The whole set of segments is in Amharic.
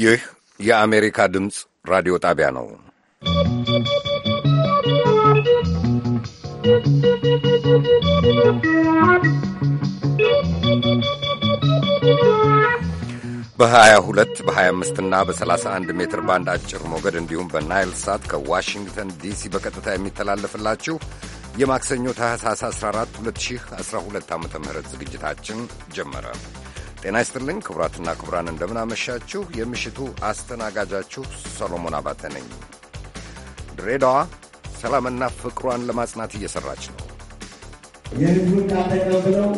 ይህ የአሜሪካ ድምፅ ራዲዮ ጣቢያ ነው። በ22 በ25 እና በ31 ሜትር ባንድ አጭር ሞገድ እንዲሁም በናይል ሳት ከዋሽንግተን ዲሲ በቀጥታ የሚተላለፍላችሁ የማክሰኞ ታህሳስ 14 2012 ዓ ም ዝግጅታችን ጀመረ። ጤና ይስጥልኝ ክቡራትና ክቡራን፣ እንደምናመሻችሁ። የምሽቱ አስተናጋጃችሁ ሰሎሞን አባተ ነኝ። ድሬዳዋ ሰላምና ፍቅሯን ለማጽናት እየሠራች ነው። የሕዝቡን ቃል ተቀብለው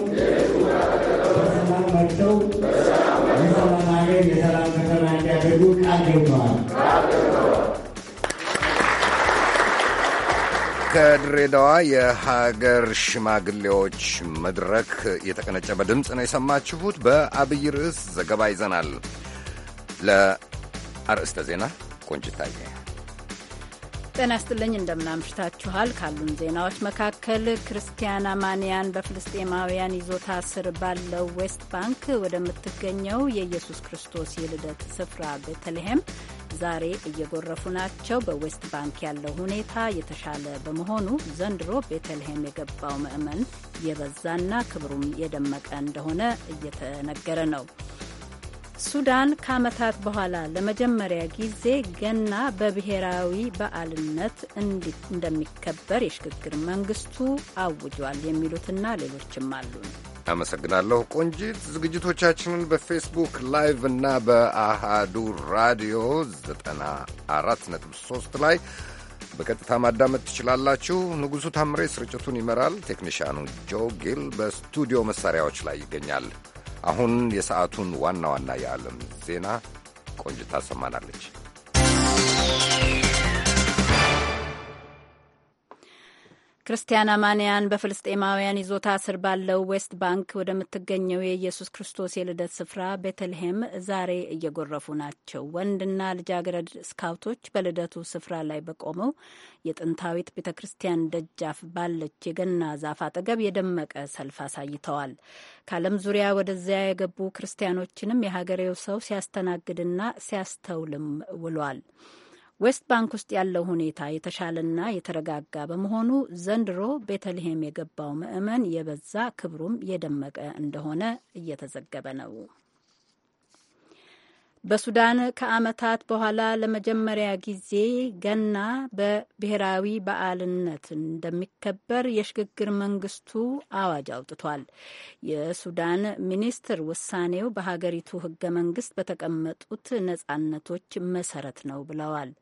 በሰላም መጥተው የሰላም አገር የሰላም ከተማ እንዲያደርጉ ቃል ገብተዋል። ከድሬዳዋ የሀገር ሽማግሌዎች መድረክ የተቀነጨበ ድምፅ ነው የሰማችሁት። በአብይ ርዕስ ዘገባ ይዘናል። ለአርዕስተ ዜና ቆንጅታየ ጤና ይስጥልኝ። እንደምናምሽታችኋል። ካሉን ዜናዎች መካከል ክርስቲያን አማንያን በፍልስጤማውያን ይዞታ ስር ባለው ዌስት ባንክ ወደምትገኘው የኢየሱስ ክርስቶስ የልደት ስፍራ ቤተልሔም ዛሬ እየጎረፉ ናቸው። በዌስት ባንክ ያለው ሁኔታ የተሻለ በመሆኑ ዘንድሮ ቤተልሔም የገባው ምዕመን የበዛና ክብሩም የደመቀ እንደሆነ እየተነገረ ነው። ሱዳን ከዓመታት በኋላ ለመጀመሪያ ጊዜ ገና በብሔራዊ በዓልነት እንደሚከበር የሽግግር መንግስቱ አውጇል። የሚሉትና ሌሎችም አሉን። አመሰግናለሁ ቆንጂት። ዝግጅቶቻችንን በፌስቡክ ላይቭ እና በአሃዱ ራዲዮ 94.3 ላይ በቀጥታ ማዳመጥ ትችላላችሁ። ንጉሡ ታምሬ ስርጭቱን ይመራል። ቴክኒሽያኑ ጆ ጊል በስቱዲዮ መሳሪያዎች ላይ ይገኛል። አሁን የሰዓቱን ዋና ዋና የዓለም ዜና ቆንጅት ታሰማናለች። ክርስቲያን አማንያን በፍልስጤማውያን ይዞታ ስር ባለው ዌስት ባንክ ወደምትገኘው የኢየሱስ ክርስቶስ የልደት ስፍራ ቤተልሔም ዛሬ እየጎረፉ ናቸው። ወንድና ልጃገረድ ስካውቶች በልደቱ ስፍራ ላይ በቆመው የጥንታዊት ቤተ ክርስቲያን ደጃፍ ባለች የገና ዛፍ አጠገብ የደመቀ ሰልፍ አሳይተዋል። ከዓለም ዙሪያ ወደዚያ የገቡ ክርስቲያኖችንም የሀገሬው ሰው ሲያስተናግድና ሲያስተውልም ውሏል። ዌስት ባንክ ውስጥ ያለው ሁኔታ የተሻለና የተረጋጋ በመሆኑ ዘንድሮ ቤተልሔም የገባው ምዕመን የበዛ ክብሩም የደመቀ እንደሆነ እየተዘገበ ነው። በሱዳን ከዓመታት በኋላ ለመጀመሪያ ጊዜ ገና በብሔራዊ በዓልነት እንደሚከበር የሽግግር መንግስቱ አዋጅ አውጥቷል። የሱዳን ሚኒስትር ውሳኔው በሀገሪቱ ህገ መንግስት በተቀመጡት ነጻነቶች መሰረት ነው ብለዋል።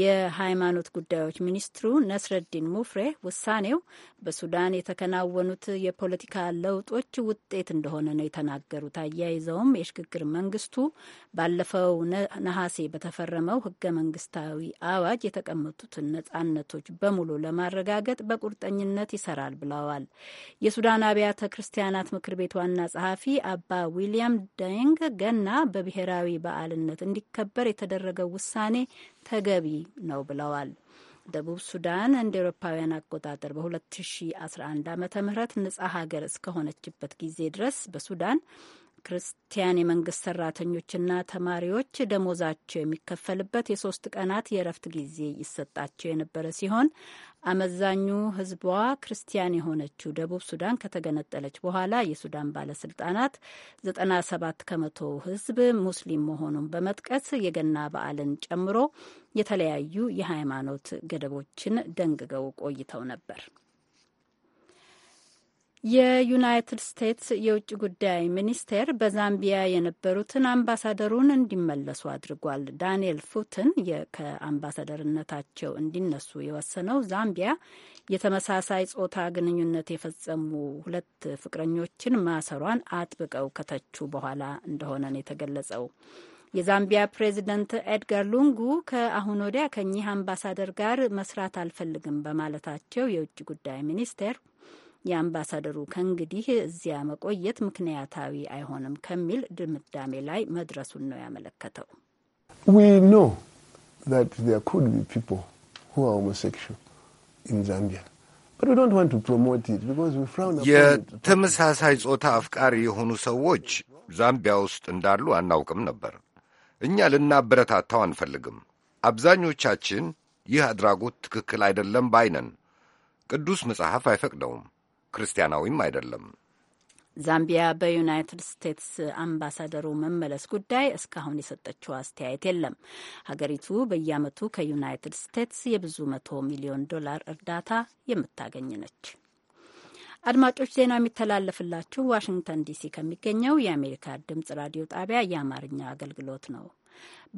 የሃይማኖት ጉዳዮች ሚኒስትሩ ነስረዲን ሙፍሬ ውሳኔው በሱዳን የተከናወኑት የፖለቲካ ለውጦች ውጤት እንደሆነ ነው የተናገሩት። አያይዘውም የሽግግር መንግስቱ ባለፈው ነሐሴ በተፈረመው ህገ መንግስታዊ አዋጅ የተቀመጡትን ነጻነቶች በሙሉ ለማረጋገጥ በቁርጠኝነት ይሰራል ብለዋል። የሱዳን አብያተ ክርስቲያናት ምክር ቤት ዋና ጸሐፊ አባ ዊሊያም ደንግ ገና በብሔራዊ በዓልነት እንዲከበር የተደረገው ውሳኔ ተገቢ ነው ብለዋል። ደቡብ ሱዳን እንደ ኤሮፓውያን አቆጣጠር በ2011 ዓ ም ነጻ ሀገር እስከሆነችበት ጊዜ ድረስ በሱዳን ክርስቲያን የመንግስት ሰራተኞችና ተማሪዎች ደሞዛቸው የሚከፈልበት የሶስት ቀናት የእረፍት ጊዜ ይሰጣቸው የነበረ ሲሆን አመዛኙ ህዝቧ ክርስቲያን የሆነችው ደቡብ ሱዳን ከተገነጠለች በኋላ የሱዳን ባለስልጣናት 97 ከመቶ ህዝብ ሙስሊም መሆኑን በመጥቀስ የገና በዓልን ጨምሮ የተለያዩ የሃይማኖት ገደቦችን ደንግገው ቆይተው ነበር። የዩናይትድ ስቴትስ የውጭ ጉዳይ ሚኒስቴር በዛምቢያ የነበሩትን አምባሳደሩን እንዲመለሱ አድርጓል። ዳንኤል ፉትን ከአምባሳደርነታቸው እንዲነሱ የወሰነው ዛምቢያ የተመሳሳይ ጾታ ግንኙነት የፈጸሙ ሁለት ፍቅረኞችን ማሰሯን አጥብቀው ከተቹ በኋላ እንደሆነ ነው የተገለጸው። የዛምቢያ ፕሬዚደንት ኤድጋር ሉንጉ ከአሁን ወዲያ ከኚህ አምባሳደር ጋር መስራት አልፈልግም በማለታቸው የውጭ ጉዳይ ሚኒስቴር የአምባሳደሩ ከእንግዲህ እዚያ መቆየት ምክንያታዊ አይሆንም ከሚል ድምዳሜ ላይ መድረሱን ነው ያመለከተው። የተመሳሳይ ጾታ አፍቃሪ የሆኑ ሰዎች ዛምቢያ ውስጥ እንዳሉ አናውቅም ነበር። እኛ ልናበረታታው አንፈልግም። አብዛኞቻችን ይህ አድራጎት ትክክል አይደለም ባይነን። ቅዱስ መጽሐፍ አይፈቅደውም። ክርስቲያናዊም አይደለም። ዛምቢያ በዩናይትድ ስቴትስ አምባሳደሩ መመለስ ጉዳይ እስካሁን የሰጠችው አስተያየት የለም። ሀገሪቱ በየዓመቱ ከዩናይትድ ስቴትስ የብዙ መቶ ሚሊዮን ዶላር እርዳታ የምታገኝ ነች። አድማጮች ዜና የሚተላለፍላችሁ ዋሽንግተን ዲሲ ከሚገኘው የአሜሪካ ድምጽ ራዲዮ ጣቢያ የአማርኛ አገልግሎት ነው።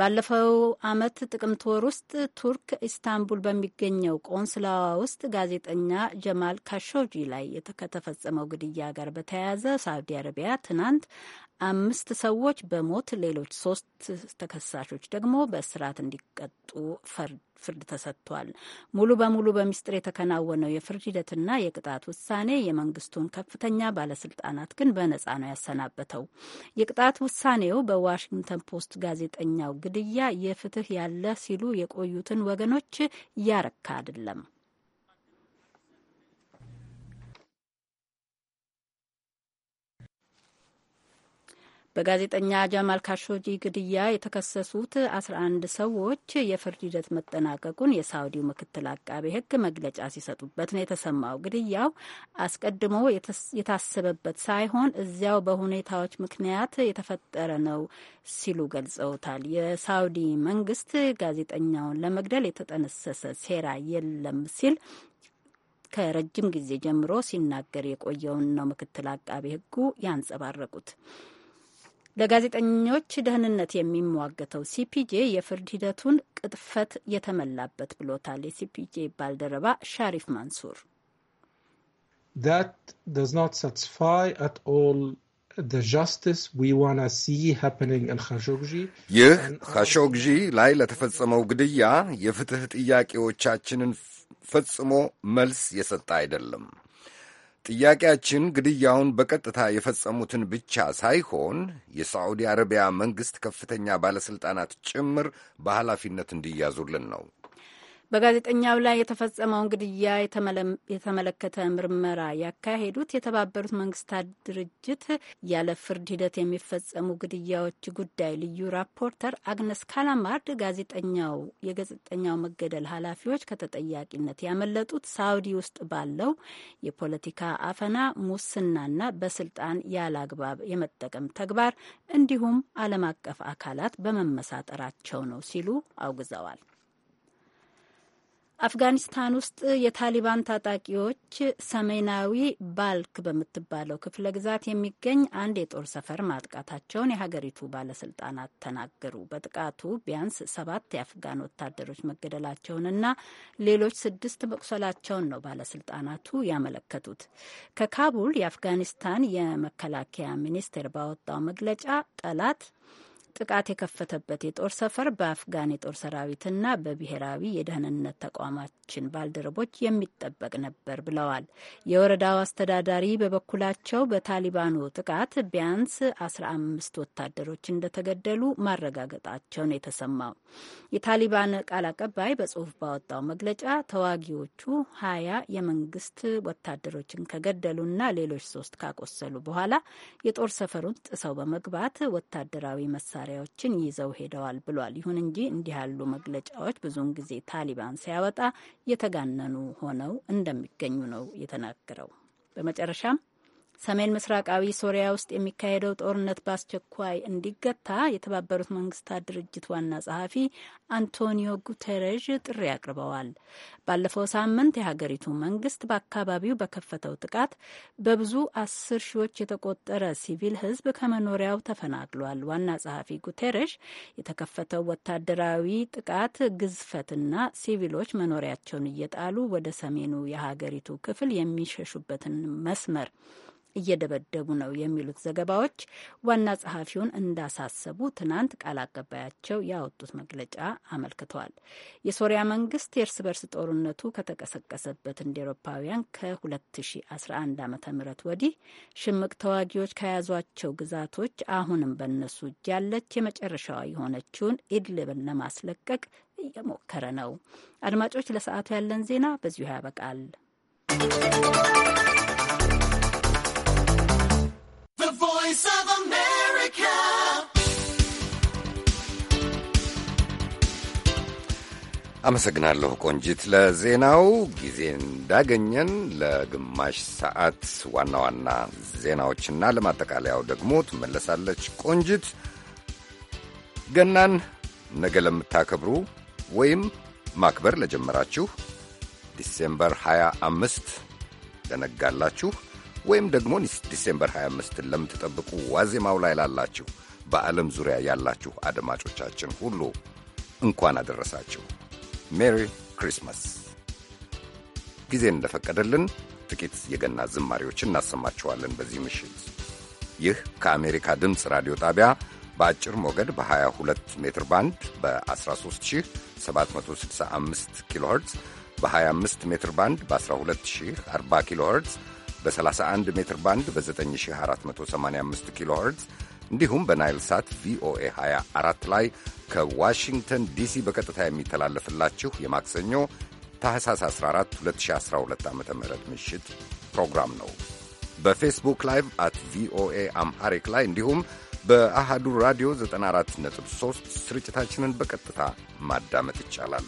ባለፈው ዓመት ጥቅምት ወር ውስጥ ቱርክ ኢስታንቡል በሚገኘው ቆንስላዋ ውስጥ ጋዜጠኛ ጀማል ካሾጂ ላይ ከተፈጸመው ግድያ ጋር በተያያዘ ሳውዲ አረቢያ ትናንት አምስት ሰዎች በሞት ሌሎች ሶስት ተከሳሾች ደግሞ በእስራት እንዲቀጡ ፍርድ ተሰጥቷል። ሙሉ በሙሉ በሚስጥር የተከናወነው የፍርድ ሂደትና የቅጣት ውሳኔ የመንግስቱን ከፍተኛ ባለስልጣናት ግን በነጻ ነው ያሰናበተው። የቅጣት ውሳኔው በዋሽንግተን ፖስት ጋዜጠኛው ግድያ የፍትህ ያለ ሲሉ የቆዩትን ወገኖች ያረካ አይደለም። በጋዜጠኛ ጃማል ካሾጂ ግድያ የተከሰሱት 11 ሰዎች የፍርድ ሂደት መጠናቀቁን የሳውዲው ምክትል አቃቤ ሕግ መግለጫ ሲሰጡበት ነው የተሰማው። ግድያው አስቀድሞ የታሰበበት ሳይሆን እዚያው በሁኔታዎች ምክንያት የተፈጠረ ነው ሲሉ ገልጸውታል። የሳውዲ መንግስት ጋዜጠኛውን ለመግደል የተጠነሰሰ ሴራ የለም ሲል ከረጅም ጊዜ ጀምሮ ሲናገር የቆየውን ነው ምክትል አቃቤ ሕጉ ያንጸባረቁት። ለጋዜጠኞች ደህንነት የሚሟገተው ሲፒጄ የፍርድ ሂደቱን ቅጥፈት የተመላበት ብሎታል። የሲፒጄ ባልደረባ ሻሪፍ ማንሱር ይህ ካሾግዢ ላይ ለተፈጸመው ግድያ የፍትህ ጥያቄዎቻችንን ፈጽሞ መልስ የሰጠ አይደለም። ጥያቄያችን ግድያውን በቀጥታ የፈጸሙትን ብቻ ሳይሆን የሳዑዲ አረቢያ መንግሥት ከፍተኛ ባለሥልጣናት ጭምር በኃላፊነት እንዲያዙልን ነው። በጋዜጠኛው ላይ የተፈጸመውን ግድያ የተመለከተ ምርመራ ያካሄዱት የተባበሩት መንግስታት ድርጅት ያለ ፍርድ ሂደት የሚፈጸሙ ግድያዎች ጉዳይ ልዩ ራፖርተር አግነስ ካላማርድ ጋዜጠኛው የጋዜጠኛው መገደል ኃላፊዎች ከተጠያቂነት ያመለጡት ሳውዲ ውስጥ ባለው የፖለቲካ አፈና፣ ሙስናና በስልጣን ያለ አግባብ የመጠቀም ተግባር እንዲሁም ዓለም አቀፍ አካላት በመመሳጠራቸው ነው ሲሉ አውግዘዋል። አፍጋኒስታን ውስጥ የታሊባን ታጣቂዎች ሰሜናዊ ባልክ በምትባለው ክፍለ ግዛት የሚገኝ አንድ የጦር ሰፈር ማጥቃታቸውን የሀገሪቱ ባለስልጣናት ተናገሩ። በጥቃቱ ቢያንስ ሰባት የአፍጋን ወታደሮች መገደላቸውንና ሌሎች ስድስት መቁሰላቸውን ነው ባለስልጣናቱ ያመለከቱት። ከካቡል የአፍጋኒስታን የመከላከያ ሚኒስቴር ባወጣው መግለጫ ጠላት ጥቃት የከፈተበት የጦር ሰፈር በአፍጋን የጦር ሰራዊትና በብሔራዊ የደህንነት ተቋማችን ባልደረቦች የሚጠበቅ ነበር ብለዋል። የወረዳው አስተዳዳሪ በበኩላቸው በታሊባኑ ጥቃት ቢያንስ አምስት ወታደሮች እንደተገደሉ ማረጋገጣቸውን የተሰማው የታሊባን ቃል አቀባይ በጽሁፍ ባወጣው መግለጫ ተዋጊዎቹ ሀያ የመንግስት ወታደሮችን ከገደሉና ሌሎች ሶስት ካቆሰሉ በኋላ የጦር ሰፈሩን ጥሰው በመግባት ወታደራዊ መሳ መሳሪያዎችን ይዘው ሄደዋል ብሏል። ይሁን እንጂ እንዲህ ያሉ መግለጫዎች ብዙውን ጊዜ ታሊባን ሲያወጣ የተጋነኑ ሆነው እንደሚገኙ ነው የተናገረው። በመጨረሻም ሰሜን ምስራቃዊ ሶሪያ ውስጥ የሚካሄደው ጦርነት በአስቸኳይ እንዲገታ የተባበሩት መንግስታት ድርጅት ዋና ጸሐፊ አንቶኒዮ ጉተረዥ ጥሪ አቅርበዋል። ባለፈው ሳምንት የሀገሪቱ መንግስት በአካባቢው በከፈተው ጥቃት በብዙ አስር ሺዎች የተቆጠረ ሲቪል ህዝብ ከመኖሪያው ተፈናቅሏል። ዋና ጸሐፊ ጉተረዥ የተከፈተው ወታደራዊ ጥቃት ግዝፈትና ሲቪሎች መኖሪያቸውን እየጣሉ ወደ ሰሜኑ የሀገሪቱ ክፍል የሚሸሹበትን መስመር እየደበደቡ ነው የሚሉት ዘገባዎች ዋና ጸሐፊውን እንዳሳሰቡ ትናንት ቃል አቀባያቸው ያወጡት መግለጫ አመልክቷል። የሶሪያ መንግስት የእርስ በርስ ጦርነቱ ከተቀሰቀሰበት እንደ ኤሮፓውያን ከ2011 ዓ ም ወዲህ ሽምቅ ተዋጊዎች ከያዟቸው ግዛቶች አሁንም በነሱ እጅ ያለች የመጨረሻዋ የሆነችውን ኢድልብን ለማስለቀቅ እየሞከረ ነው። አድማጮች፣ ለሰዓቱ ያለን ዜና በዚሁ ያበቃል። voice of America. አመሰግናለሁ ቆንጂት ለዜናው። ጊዜ እንዳገኘን ለግማሽ ሰዓት ዋና ዋና ዜናዎችና ለማጠቃለያው ደግሞ ትመለሳለች ቆንጂት። ገናን ነገ ለምታከብሩ ወይም ማክበር ለጀመራችሁ ዲሴምበር 25 ደነጋላችሁ ወይም ደግሞ ዲሴምበር 25ን ለምትጠብቁ ዋዜማው ላይ ላላችሁ በዓለም ዙሪያ ያላችሁ አድማጮቻችን ሁሉ እንኳን አደረሳችሁ። ሜሪ ክሪስማስ። ጊዜ እንደፈቀደልን ጥቂት የገና ዝማሪዎችን እናሰማችኋለን በዚህ ምሽት። ይህ ከአሜሪካ ድምፅ ራዲዮ ጣቢያ በአጭር ሞገድ በ22 ሜትር ባንድ በ13765 ኪሎ ኸርትዝ በ25 ሜትር ባንድ በ 1240 ኪሎ ኸርትዝ በ31 ሜትር ባንድ በ9485 ኪሎ ኸርትዝ እንዲሁም በናይል ሳት ቪኦኤ 24 ላይ ከዋሽንግተን ዲሲ በቀጥታ የሚተላለፍላችሁ የማክሰኞ ታህሳስ 14 2012 ዓ ም ምሽት ፕሮግራም ነው። በፌስቡክ ላይቭ አት ቪኦኤ አምሐሪክ ላይ እንዲሁም በአሃዱ ራዲዮ 94.3 ስርጭታችንን በቀጥታ ማዳመጥ ይቻላል።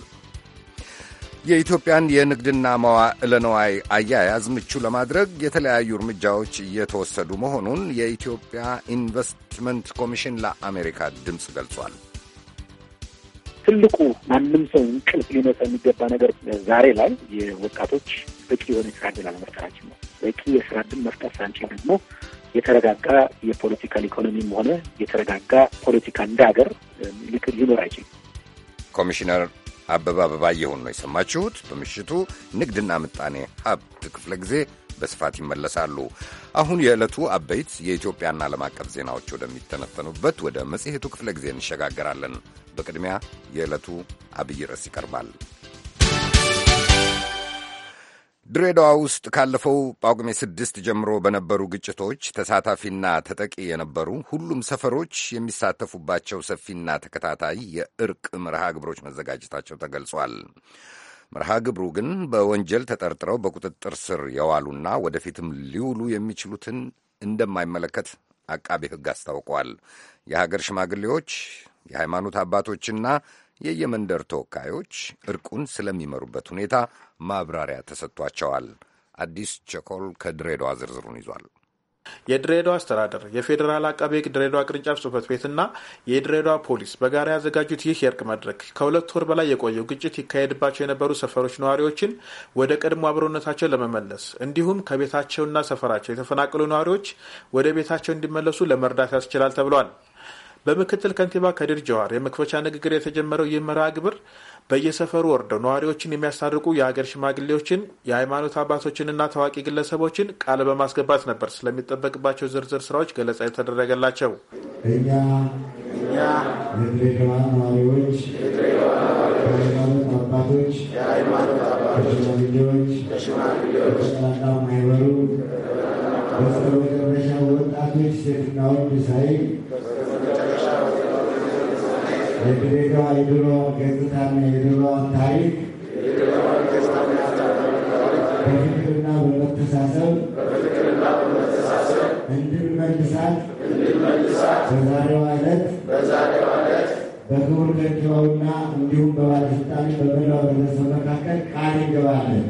የኢትዮጵያን የንግድና መዋዕለ ነዋይ አያያዝ ምቹ ለማድረግ የተለያዩ እርምጃዎች እየተወሰዱ መሆኑን የኢትዮጵያ ኢንቨስትመንት ኮሚሽን ለአሜሪካ ድምፅ ገልጿል። ትልቁ ማንም ሰው እንቅልፍ ሊነሳ የሚገባ ነገር ዛሬ ላይ የወጣቶች በቂ የሆነ የስራ ዕድል አለመፍጠራችን ነው። በቂ የስራ ዕድል መፍጠር ሳንችል ደግሞ የተረጋጋ የፖለቲካል ኢኮኖሚም ሆነ የተረጋጋ ፖለቲካ እንደ ሀገር ሊኖር አይችልም። ኮሚሽነር አበባ እየሆን ነው የሰማችሁት። በምሽቱ ንግድና ምጣኔ ሀብት ክፍለ ጊዜ በስፋት ይመለሳሉ። አሁን የዕለቱ አበይት የኢትዮጵያና ዓለም አቀፍ ዜናዎች ወደሚተነተኑበት ወደ መጽሔቱ ክፍለ ጊዜ እንሸጋገራለን። በቅድሚያ የዕለቱ አብይ ርዕስ ይቀርባል። ድሬዳዋ ውስጥ ካለፈው ጳጉሜ ስድስት ጀምሮ በነበሩ ግጭቶች ተሳታፊና ተጠቂ የነበሩ ሁሉም ሰፈሮች የሚሳተፉባቸው ሰፊና ተከታታይ የእርቅ መርሃ ግብሮች መዘጋጀታቸው ተገልጿል። መርሃ ግብሩ ግን በወንጀል ተጠርጥረው በቁጥጥር ስር የዋሉና ወደፊትም ሊውሉ የሚችሉትን እንደማይመለከት አቃቤ ሕግ አስታውቋል። የሀገር ሽማግሌዎች፣ የሃይማኖት አባቶችና የየመንደር ተወካዮች እርቁን ስለሚመሩበት ሁኔታ ማብራሪያ ተሰጥቷቸዋል። አዲስ ቸኮል ከድሬዳዋ ዝርዝሩን ይዟል። የድሬዳዋ አስተዳደር የፌዴራል አቃቤ ሕግ ድሬዳዋ ቅርንጫፍ ጽህፈት ቤትና የድሬዳዋ ፖሊስ በጋራ ያዘጋጁት ይህ የእርቅ መድረክ ከሁለት ወር በላይ የቆየው ግጭት ይካሄድባቸው የነበሩ ሰፈሮች ነዋሪዎችን ወደ ቀድሞ አብሮነታቸው ለመመለስ እንዲሁም ከቤታቸውና ሰፈራቸው የተፈናቀሉ ነዋሪዎች ወደ ቤታቸው እንዲመለሱ ለመርዳት ያስችላል ተብሏል። በምክትል ከንቲባ ከድር ጀዋር የመክፈቻ ንግግር የተጀመረው ይህ መርሃ ግብር በየሰፈሩ ወርደው ነዋሪዎችን የሚያስታርቁ የሀገር ሽማግሌዎችን፣ የሃይማኖት አባቶችንና ታዋቂ ግለሰቦችን ቃል በማስገባት ነበር ስለሚጠበቅባቸው ዝርዝር ስራዎች ገለጻ የተደረገላቸው። እኛ የድሬዳዋ ነዋሪዎች፣ የሃይማኖት አባቶች፣ ሽማግሌዎች፣ በስተመጨረሻ ወጣቶች፣ ሴትና ወንድ ሳይል የድሬዳዋ የድሮ ገጽታና የድሮ ታሪክ በፍቅርና በመተሳሰብ እንድንመልሳት በዛሬዋ ዕለት በክቡር ከንቲባውና እንዲሁም በባለስልጣን በመላው ህብረተሰብ መካከል ቃል እንገባለን።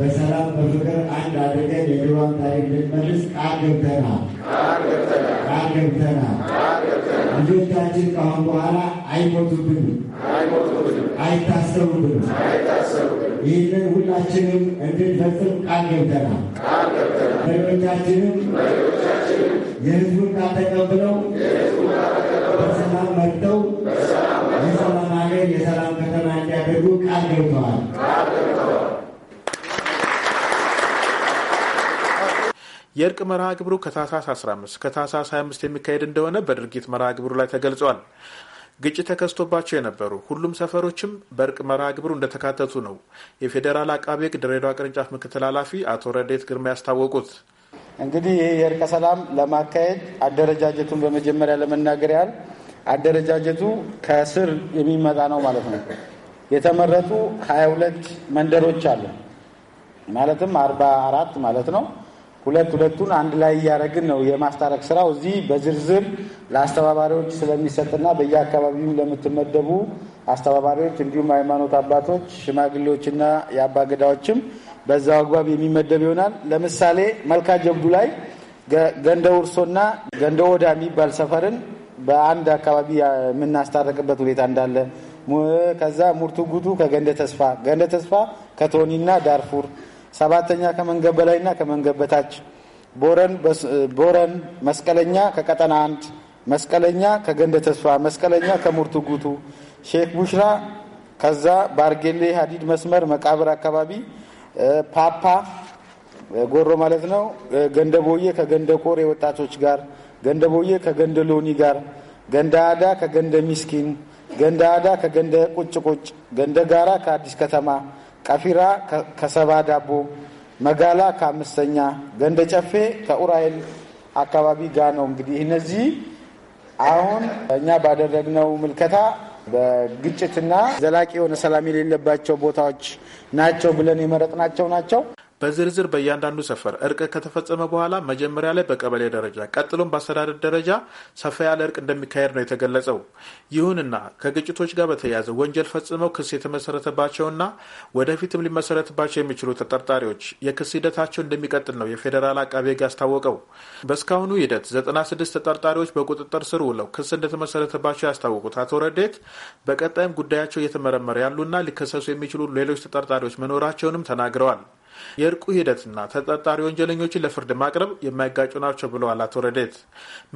በሰላም በፍቅር አንድ አድርገን የድሮዋን ታሪክ ልንመልስ ቃል ገብተናል። ቃል ገብተናል። ልጆቻችን ከአሁን በኋላ አይሞቱብንም፣ አይታሰቡብንም። ይህንን ሁላችንም እንድንፈጽም ቃል ገብተናል። መሪዎቻችንም የሕዝቡን ቃል ተቀብለው በሰላም መጥተው የሰላም ሀገር፣ የሰላም ከተማ እንዲያደርጉ ቃል ገብተዋል። የእርቅ መርሃ ግብሩ ከታህሳስ 15 ከታህሳስ 25 የሚካሄድ እንደሆነ በድርጊት መርሃ ግብሩ ላይ ተገልጿል። ግጭት ተከስቶባቸው የነበሩ ሁሉም ሰፈሮችም በእርቅ መርሃ ግብሩ እንደተካተቱ ነው የፌዴራል አቃቤ ሕግ ድሬዳዋ ቅርንጫፍ ምክትል ኃላፊ አቶ ረዴት ግርማ ያስታወቁት። እንግዲህ ይህ የእርቀ ሰላም ለማካሄድ አደረጃጀቱን በመጀመሪያ ለመናገር ያህል አደረጃጀቱ ከስር የሚመጣ ነው ማለት ነው። የተመረጡ 22 መንደሮች አሉ ማለትም 44 ማለት ነው ሁለት ሁለቱን አንድ ላይ እያደረግን ነው የማስታረቅ ስራው። እዚህ በዝርዝር ለአስተባባሪዎች ስለሚሰጥና በየአካባቢው ለምትመደቡ አስተባባሪዎች እንዲሁም ሃይማኖት አባቶች ሽማግሌዎችና የአባገዳዎችም በዛው አግባብ የሚመደብ ይሆናል። ለምሳሌ መልካ ጀብዱ ላይ ገንደ ውርሶና ገንደ ወዳ የሚባል ሰፈርን በአንድ አካባቢ የምናስታረቅበት ሁኔታ እንዳለ ከዛ ሙርቱ ጉቱ ከገንደ ተስፋ ገንደ ተስፋ ከቶኒና ዳርፉር ሰባተኛ ከመንገድ በላይና ከመንገድ በታች ቦረን መስቀለኛ ከቀጠና አንድ መስቀለኛ ከገንደ ተስፋ መስቀለኛ ከሙርቱ ጉቱ ሼክ ቡሽራ ከዛ ባርጌሌ ሀዲድ መስመር መቃብር አካባቢ ፓፓ ጎሮ ማለት ነው። ገንደቦዬ ከገንደ ኮሬ ወጣቶች ጋር ገንደቦዬ ከገንደ ሎኒ ጋር ገንደ አዳ ከገንደ ሚስኪን ገንደ አዳ ከገንደ ቁጭቁጭ ገንደ ጋራ ከአዲስ ከተማ ቀፊራ ከሰባ ዳቦ፣ መጋላ ከአምስተኛ፣ ገንደ ጨፌ ከኡራኤል አካባቢ ጋር ነው። እንግዲህ እነዚህ አሁን እኛ ባደረግነው ምልከታ በግጭትና ዘላቂ የሆነ ሰላም የሌለባቸው ቦታዎች ናቸው ብለን የመረጥናቸው ናቸው። በዝርዝር በእያንዳንዱ ሰፈር እርቅ ከተፈጸመ በኋላ መጀመሪያ ላይ በቀበሌ ደረጃ ቀጥሎም በአስተዳደር ደረጃ ሰፋ ያለ እርቅ እንደሚካሄድ ነው የተገለጸው። ይሁንና ከግጭቶች ጋር በተያያዘ ወንጀል ፈጽመው ክስ የተመሰረተባቸውና ወደፊትም ሊመሰረትባቸው የሚችሉ ተጠርጣሪዎች የክስ ሂደታቸው እንደሚቀጥል ነው የፌዴራል አቃቤ ሕግ ያስታወቀው። በእስካሁኑ ሂደት 96 ተጠርጣሪዎች በቁጥጥር ስር ውለው ክስ እንደተመሰረተባቸው ያስታወቁት አቶ ረዴት በቀጣይም ጉዳያቸው እየተመረመረ ያሉና ሊከሰሱ የሚችሉ ሌሎች ተጠርጣሪዎች መኖራቸውንም ተናግረዋል። የእርቁ ሂደትና ተጠርጣሪ ወንጀለኞችን ለፍርድ ማቅረብ የማይጋጩ ናቸው ብለዋል አቶ ረዴት።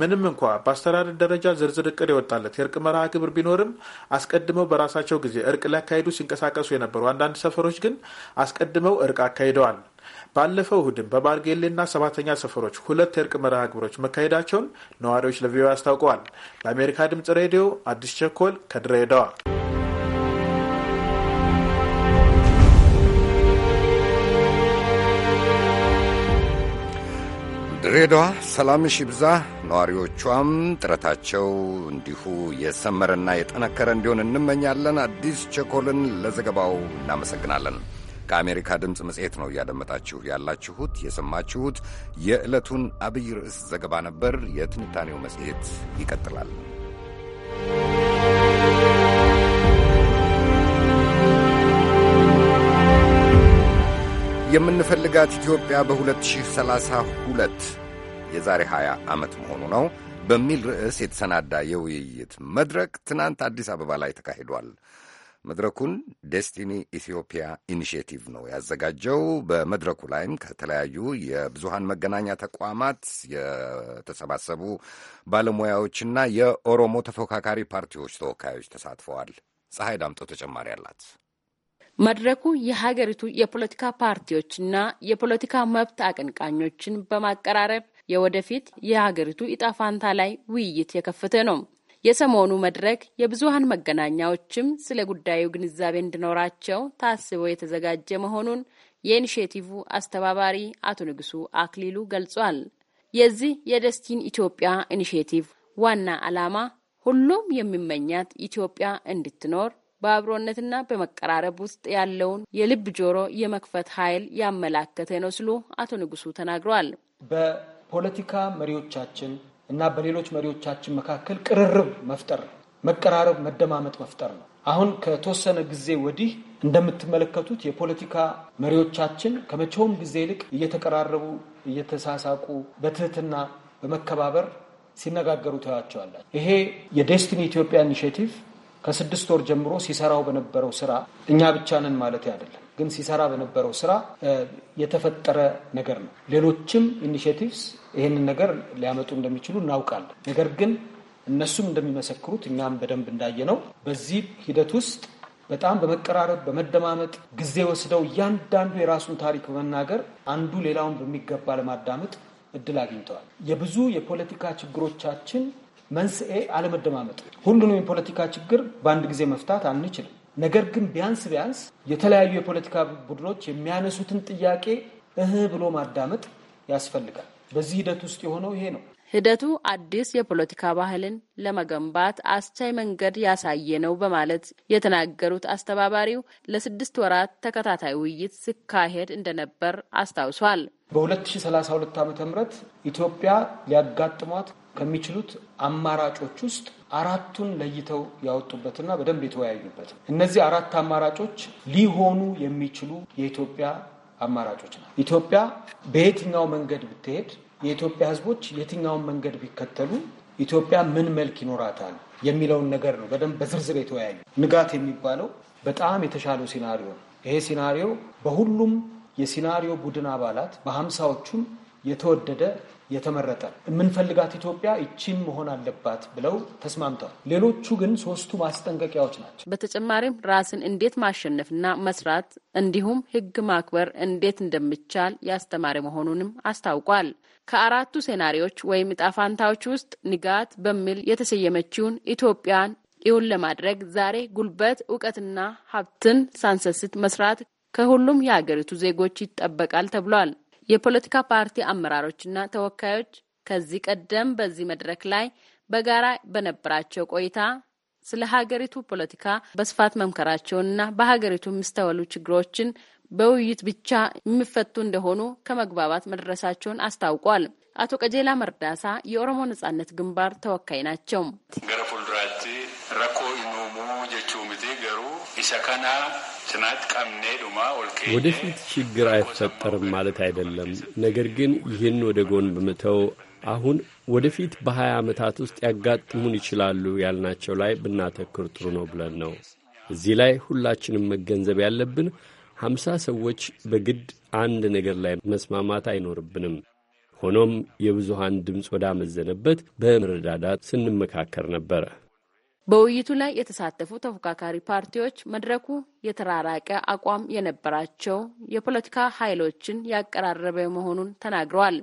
ምንም እንኳ በአስተዳደር ደረጃ ዝርዝር እቅድ የወጣለት የእርቅ መርሃ ግብር ቢኖርም አስቀድመው በራሳቸው ጊዜ እርቅ ሊያካሂዱ ሲንቀሳቀሱ የነበሩ አንዳንድ ሰፈሮች ግን አስቀድመው እርቅ አካሂደዋል። ባለፈው እሁድም በባርጌሌና ሰባተኛ ሰፈሮች ሁለት የእርቅ መርሃ ግብሮች መካሄዳቸውን ነዋሪዎች ለቪኦኤ አስታውቀዋል። ለአሜሪካ ድምጽ ሬዲዮ አዲስ ቸኮል ከድሬዳዋ ድሬዳዋ ሰላምሽ ብዛ። ነዋሪዎቿም ጥረታቸው እንዲሁ የሰመረና የጠነከረ እንዲሆን እንመኛለን። አዲስ ቸኮልን ለዘገባው እናመሰግናለን። ከአሜሪካ ድምፅ መጽሔት ነው እያደመጣችሁ ያላችሁት። የሰማችሁት የዕለቱን አብይ ርዕስ ዘገባ ነበር። የትንታኔው መጽሔት ይቀጥላል። የምንፈልጋት ኢትዮጵያ በ2032 የዛሬ 20 ዓመት መሆኑ ነው በሚል ርዕስ የተሰናዳ የውይይት መድረክ ትናንት አዲስ አበባ ላይ ተካሂዷል። መድረኩን ዴስቲኒ ኢትዮጵያ ኢኒሽቲቭ ነው ያዘጋጀው። በመድረኩ ላይም ከተለያዩ የብዙሃን መገናኛ ተቋማት የተሰባሰቡ ባለሙያዎችና የኦሮሞ ተፎካካሪ ፓርቲዎች ተወካዮች ተሳትፈዋል። ፀሐይ ዳምጠው ተጨማሪ አላት። መድረኩ የሀገሪቱ የፖለቲካ ፓርቲዎችና የፖለቲካ መብት አቀንቃኞችን በማቀራረብ የወደፊት የሀገሪቱ ኢጣፋንታ ላይ ውይይት የከፈተ ነው። የሰሞኑ መድረክ የብዙሀን መገናኛዎችም ስለ ጉዳዩ ግንዛቤ እንዲኖራቸው ታስቦ የተዘጋጀ መሆኑን የኢኒሽቲቭ አስተባባሪ አቶ ንጉሱ አክሊሉ ገልጿል። የዚህ የደስቲን ኢትዮጵያ ኢኒሽቲቭ ዋና ዓላማ ሁሉም የሚመኛት ኢትዮጵያ እንድትኖር በአብሮነትና በመቀራረብ ውስጥ ያለውን የልብ ጆሮ የመክፈት ኃይል ያመላከተ ነው ሲሉ አቶ ንጉሱ ተናግረዋል። ፖለቲካ መሪዎቻችን እና በሌሎች መሪዎቻችን መካከል ቅርርብ መፍጠር መቀራረብ፣ መደማመጥ መፍጠር ነው። አሁን ከተወሰነ ጊዜ ወዲህ እንደምትመለከቱት የፖለቲካ መሪዎቻችን ከመቼውም ጊዜ ይልቅ እየተቀራረቡ፣ እየተሳሳቁ፣ በትህትና በመከባበር ሲነጋገሩ ታያቸዋላችሁ። ይሄ የዴስቲኒ ኢትዮጵያ ኢኒሽቲቭ ከስድስት ወር ጀምሮ ሲሰራው በነበረው ስራ እኛ ብቻ ነን ማለት አይደለም። ግን ሲሰራ በነበረው ስራ የተፈጠረ ነገር ነው። ሌሎችም ኢኒሽቲቭስ ይህንን ነገር ሊያመጡ እንደሚችሉ እናውቃለን። ነገር ግን እነሱም እንደሚመሰክሩት እኛም በደንብ እንዳየ ነው። በዚህ ሂደት ውስጥ በጣም በመቀራረብ በመደማመጥ ጊዜ ወስደው እያንዳንዱ የራሱን ታሪክ በመናገር አንዱ ሌላውን በሚገባ ለማዳመጥ እድል አግኝተዋል። የብዙ የፖለቲካ ችግሮቻችን መንስኤ አለመደማመጥ። ሁሉንም የፖለቲካ ችግር በአንድ ጊዜ መፍታት አንችልም። ነገር ግን ቢያንስ ቢያንስ የተለያዩ የፖለቲካ ቡድኖች የሚያነሱትን ጥያቄ እህ ብሎ ማዳመጥ ያስፈልጋል። በዚህ ሂደት ውስጥ የሆነው ይሄ ነው። ሂደቱ አዲስ የፖለቲካ ባህልን ለመገንባት አስቻይ መንገድ ያሳየ ነው በማለት የተናገሩት አስተባባሪው ለስድስት ወራት ተከታታይ ውይይት ሲካሄድ እንደነበር አስታውሷል። በ2032 ዓ ም ኢትዮጵያ ሊያጋጥሟት ከሚችሉት አማራጮች ውስጥ አራቱን ለይተው ያወጡበትና በደንብ የተወያዩበት እነዚህ አራት አማራጮች ሊሆኑ የሚችሉ የኢትዮጵያ አማራጮች ናቸው። ኢትዮጵያ በየትኛው መንገድ ብትሄድ የኢትዮጵያ ሕዝቦች የትኛውን መንገድ ቢከተሉ ኢትዮጵያ ምን መልክ ይኖራታል የሚለውን ነገር ነው በደንብ በዝርዝር የተወያዩ። ንጋት የሚባለው በጣም የተሻለው ሲናሪዮ ነው። ይሄ ሲናሪዮ በሁሉም የሲናሪዮ ቡድን አባላት በሀምሳዎቹም የተወደደ የተመረጠ የምንፈልጋት ኢትዮጵያ ይቺን መሆን አለባት ብለው ተስማምተዋል። ሌሎቹ ግን ሶስቱ ማስጠንቀቂያዎች ናቸው። በተጨማሪም ራስን እንዴት ማሸነፍና መስራት እንዲሁም ሕግ ማክበር እንዴት እንደሚቻል ያስተማረ መሆኑንም አስታውቋል። ከአራቱ ሴናሪዎች ወይም ዕጣ ውስጥ ንጋት በሚል የተሰየመችውን ኢትዮጵያን እውን ለማድረግ ዛሬ ጉልበት እውቀትና ሀብትን ሳንሰስት መስራት ከሁሉም የሀገሪቱ ዜጎች ይጠበቃል ተብሏል። የፖለቲካ ፓርቲ አመራሮችና ተወካዮች ከዚህ ቀደም በዚህ መድረክ ላይ በጋራ በነበራቸው ቆይታ ስለ ሀገሪቱ ፖለቲካ በስፋት መምከራቸውንና በሀገሪቱ የሚስተዋሉ ችግሮችን በውይይት ብቻ የሚፈቱ እንደሆኑ ከመግባባት መድረሳቸውን አስታውቋል። አቶ ቀጀላ መርዳሳ የኦሮሞ ነጻነት ግንባር ተወካይ ናቸው። ገረ ፉልድራቲ ረኮ ኢኖሙ ጀቹ ገሩ ኢሰከና ወደፊት ችግር አይፈጠርም ማለት አይደለም። ነገር ግን ይህን ወደ ጎን በመተው አሁን ወደፊት በሀያ ዓመታት ውስጥ ያጋጥሙን ይችላሉ ያልናቸው ላይ ብናተክር ጥሩ ነው ብለን ነው። እዚህ ላይ ሁላችንም መገንዘብ ያለብን ሀምሳ ሰዎች በግድ አንድ ነገር ላይ መስማማት አይኖርብንም። ሆኖም የብዙሃን ድምፅ ወዳመዘነበት በመረዳዳት ስንመካከር ነበረ። በውይይቱ ላይ የተሳተፉ ተፎካካሪ ፓርቲዎች መድረኩ የተራራቀ አቋም የነበራቸው የፖለቲካ ኃይሎችን ያቀራረበ መሆኑን ተናግረዋል።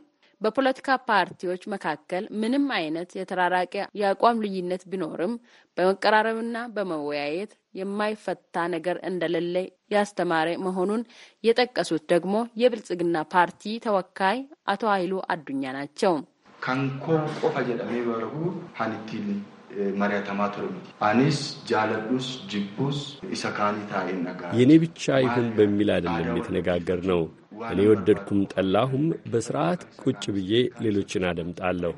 በፖለቲካ ፓርቲዎች መካከል ምንም አይነት የተራራቀ የአቋም ልዩነት ቢኖርም በመቀራረብና በመወያየት የማይፈታ ነገር እንደሌለ ያስተማረ መሆኑን የጠቀሱት ደግሞ የብልጽግና ፓርቲ ተወካይ አቶ ኃይሉ አዱኛ ናቸው። ካንኮ ቆፋ የእኔ ብቻ ይሁን በሚል አይደለም የተነጋገር ነው። እኔ ወደድኩም ጠላሁም በስርዓት ቁጭ ብዬ ሌሎችን አደምጣለሁ።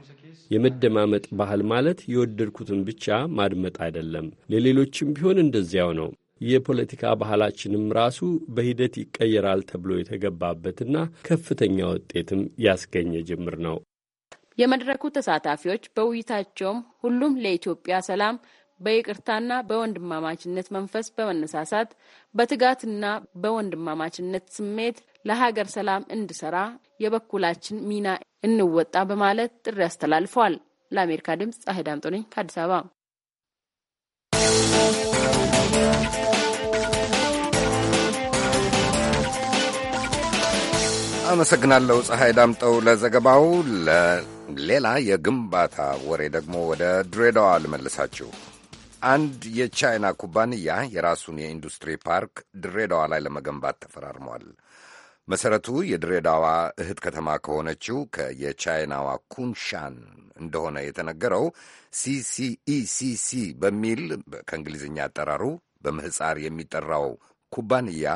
የመደማመጥ ባህል ማለት የወደድኩትን ብቻ ማድመጥ አይደለም። ለሌሎችም ቢሆን እንደዚያው ነው። የፖለቲካ ባህላችንም ራሱ በሂደት ይቀየራል ተብሎ የተገባበትና ከፍተኛ ውጤትም ያስገኘ ጅምር ነው። የመድረኩ ተሳታፊዎች በውይይታቸውም ሁሉም ለኢትዮጵያ ሰላም በይቅርታና በወንድማማችነት መንፈስ በመነሳሳት በትጋትና በወንድማማችነት ስሜት ለሀገር ሰላም እንዲሰራ የበኩላችን ሚና እንወጣ በማለት ጥሪ አስተላልፈዋል። ለአሜሪካ ድምፅ ፀሐይ ዳምጦ ነኝ ከአዲስ አበባ። አመሰግናለሁ ፀሐይ ዳምጠው ለዘገባው። ሌላ የግንባታ ወሬ ደግሞ ወደ ድሬዳዋ ልመልሳችሁ። አንድ የቻይና ኩባንያ የራሱን የኢንዱስትሪ ፓርክ ድሬዳዋ ላይ ለመገንባት ተፈራርሟል። መሰረቱ የድሬዳዋ እህት ከተማ ከሆነችው ከየቻይናዋ ኩንሻን እንደሆነ የተነገረው ሲሲኢሲሲ በሚል ከእንግሊዝኛ አጠራሩ በምህፃር የሚጠራው ኩባንያ